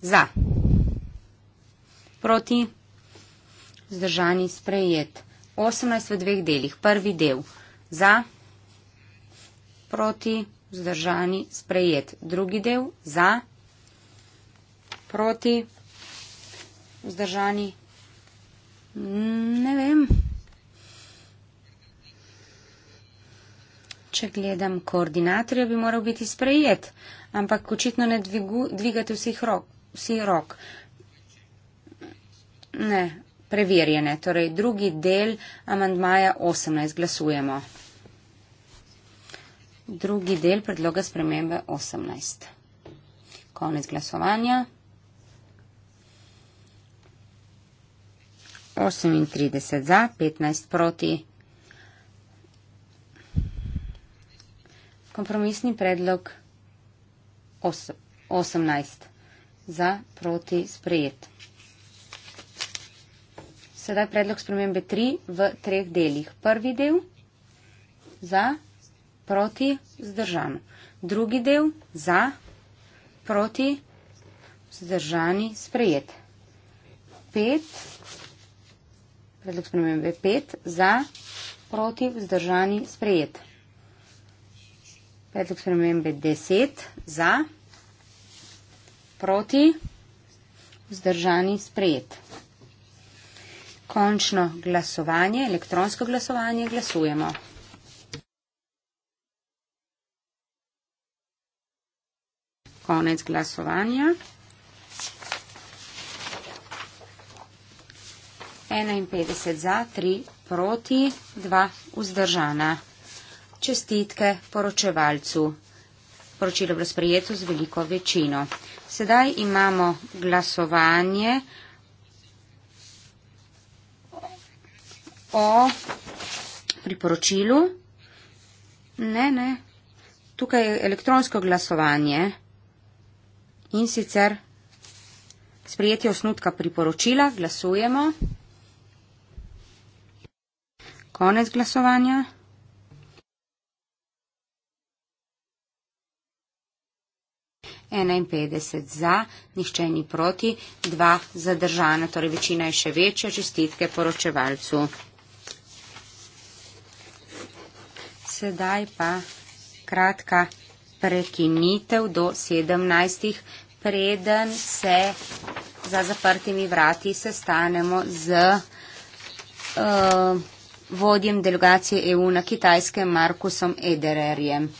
za, proti vzdržani sprejet. 18 v dveh delih. Prvi del za, proti vzdržani sprejet. Drugi del za, proti vzdržani sprejet vzdržani. Ne vem. Če gledam, koordinatorja bi moral biti sprejet, ampak očitno ne dvigu, dvigate vseh rok, vsi rok. Ne, preverjene. Torej, drugi del amandmaja 18 glasujemo. Drugi del predloga spremembe 18. Konec glasovanja. 38 za, 15 proti. Kompromisni predlog 18 za, proti, sprejet. Sedaj predlog spremembe 3 v treh delih. Prvi del za, proti, zdržan. Drugi del za, proti, zdržani, sprejet. 5 predlog spremembe 5, za, proti, vzdržani, sprejet. Predlog spremembe 10, za, proti, vzdržani, sprejet. Končno glasovanje, elektronsko glasovanje, glasujemo. Konec glasovanja. 51 za, 3 proti, 2 vzdržana. Čestitke poročevalcu. Poročilo bo sprejeto z veliko večino. Sedaj imamo glasovanje o priporočilu. Ne, ne. Tukaj je elektronsko glasovanje in sicer sprejetje osnutka priporočila. Glasujemo. Konec glasovanja. enainpetdeset za, nihče ni proti, dva zadržana, torej večina je še večja, čestitke poročevalcu. Sedaj pa kratka prekinitev do sedemnajstih, preden se za zaprtimi vrati sestanemo z uh, vodjem delegacije EU na kitajskem Markusom Edererjem.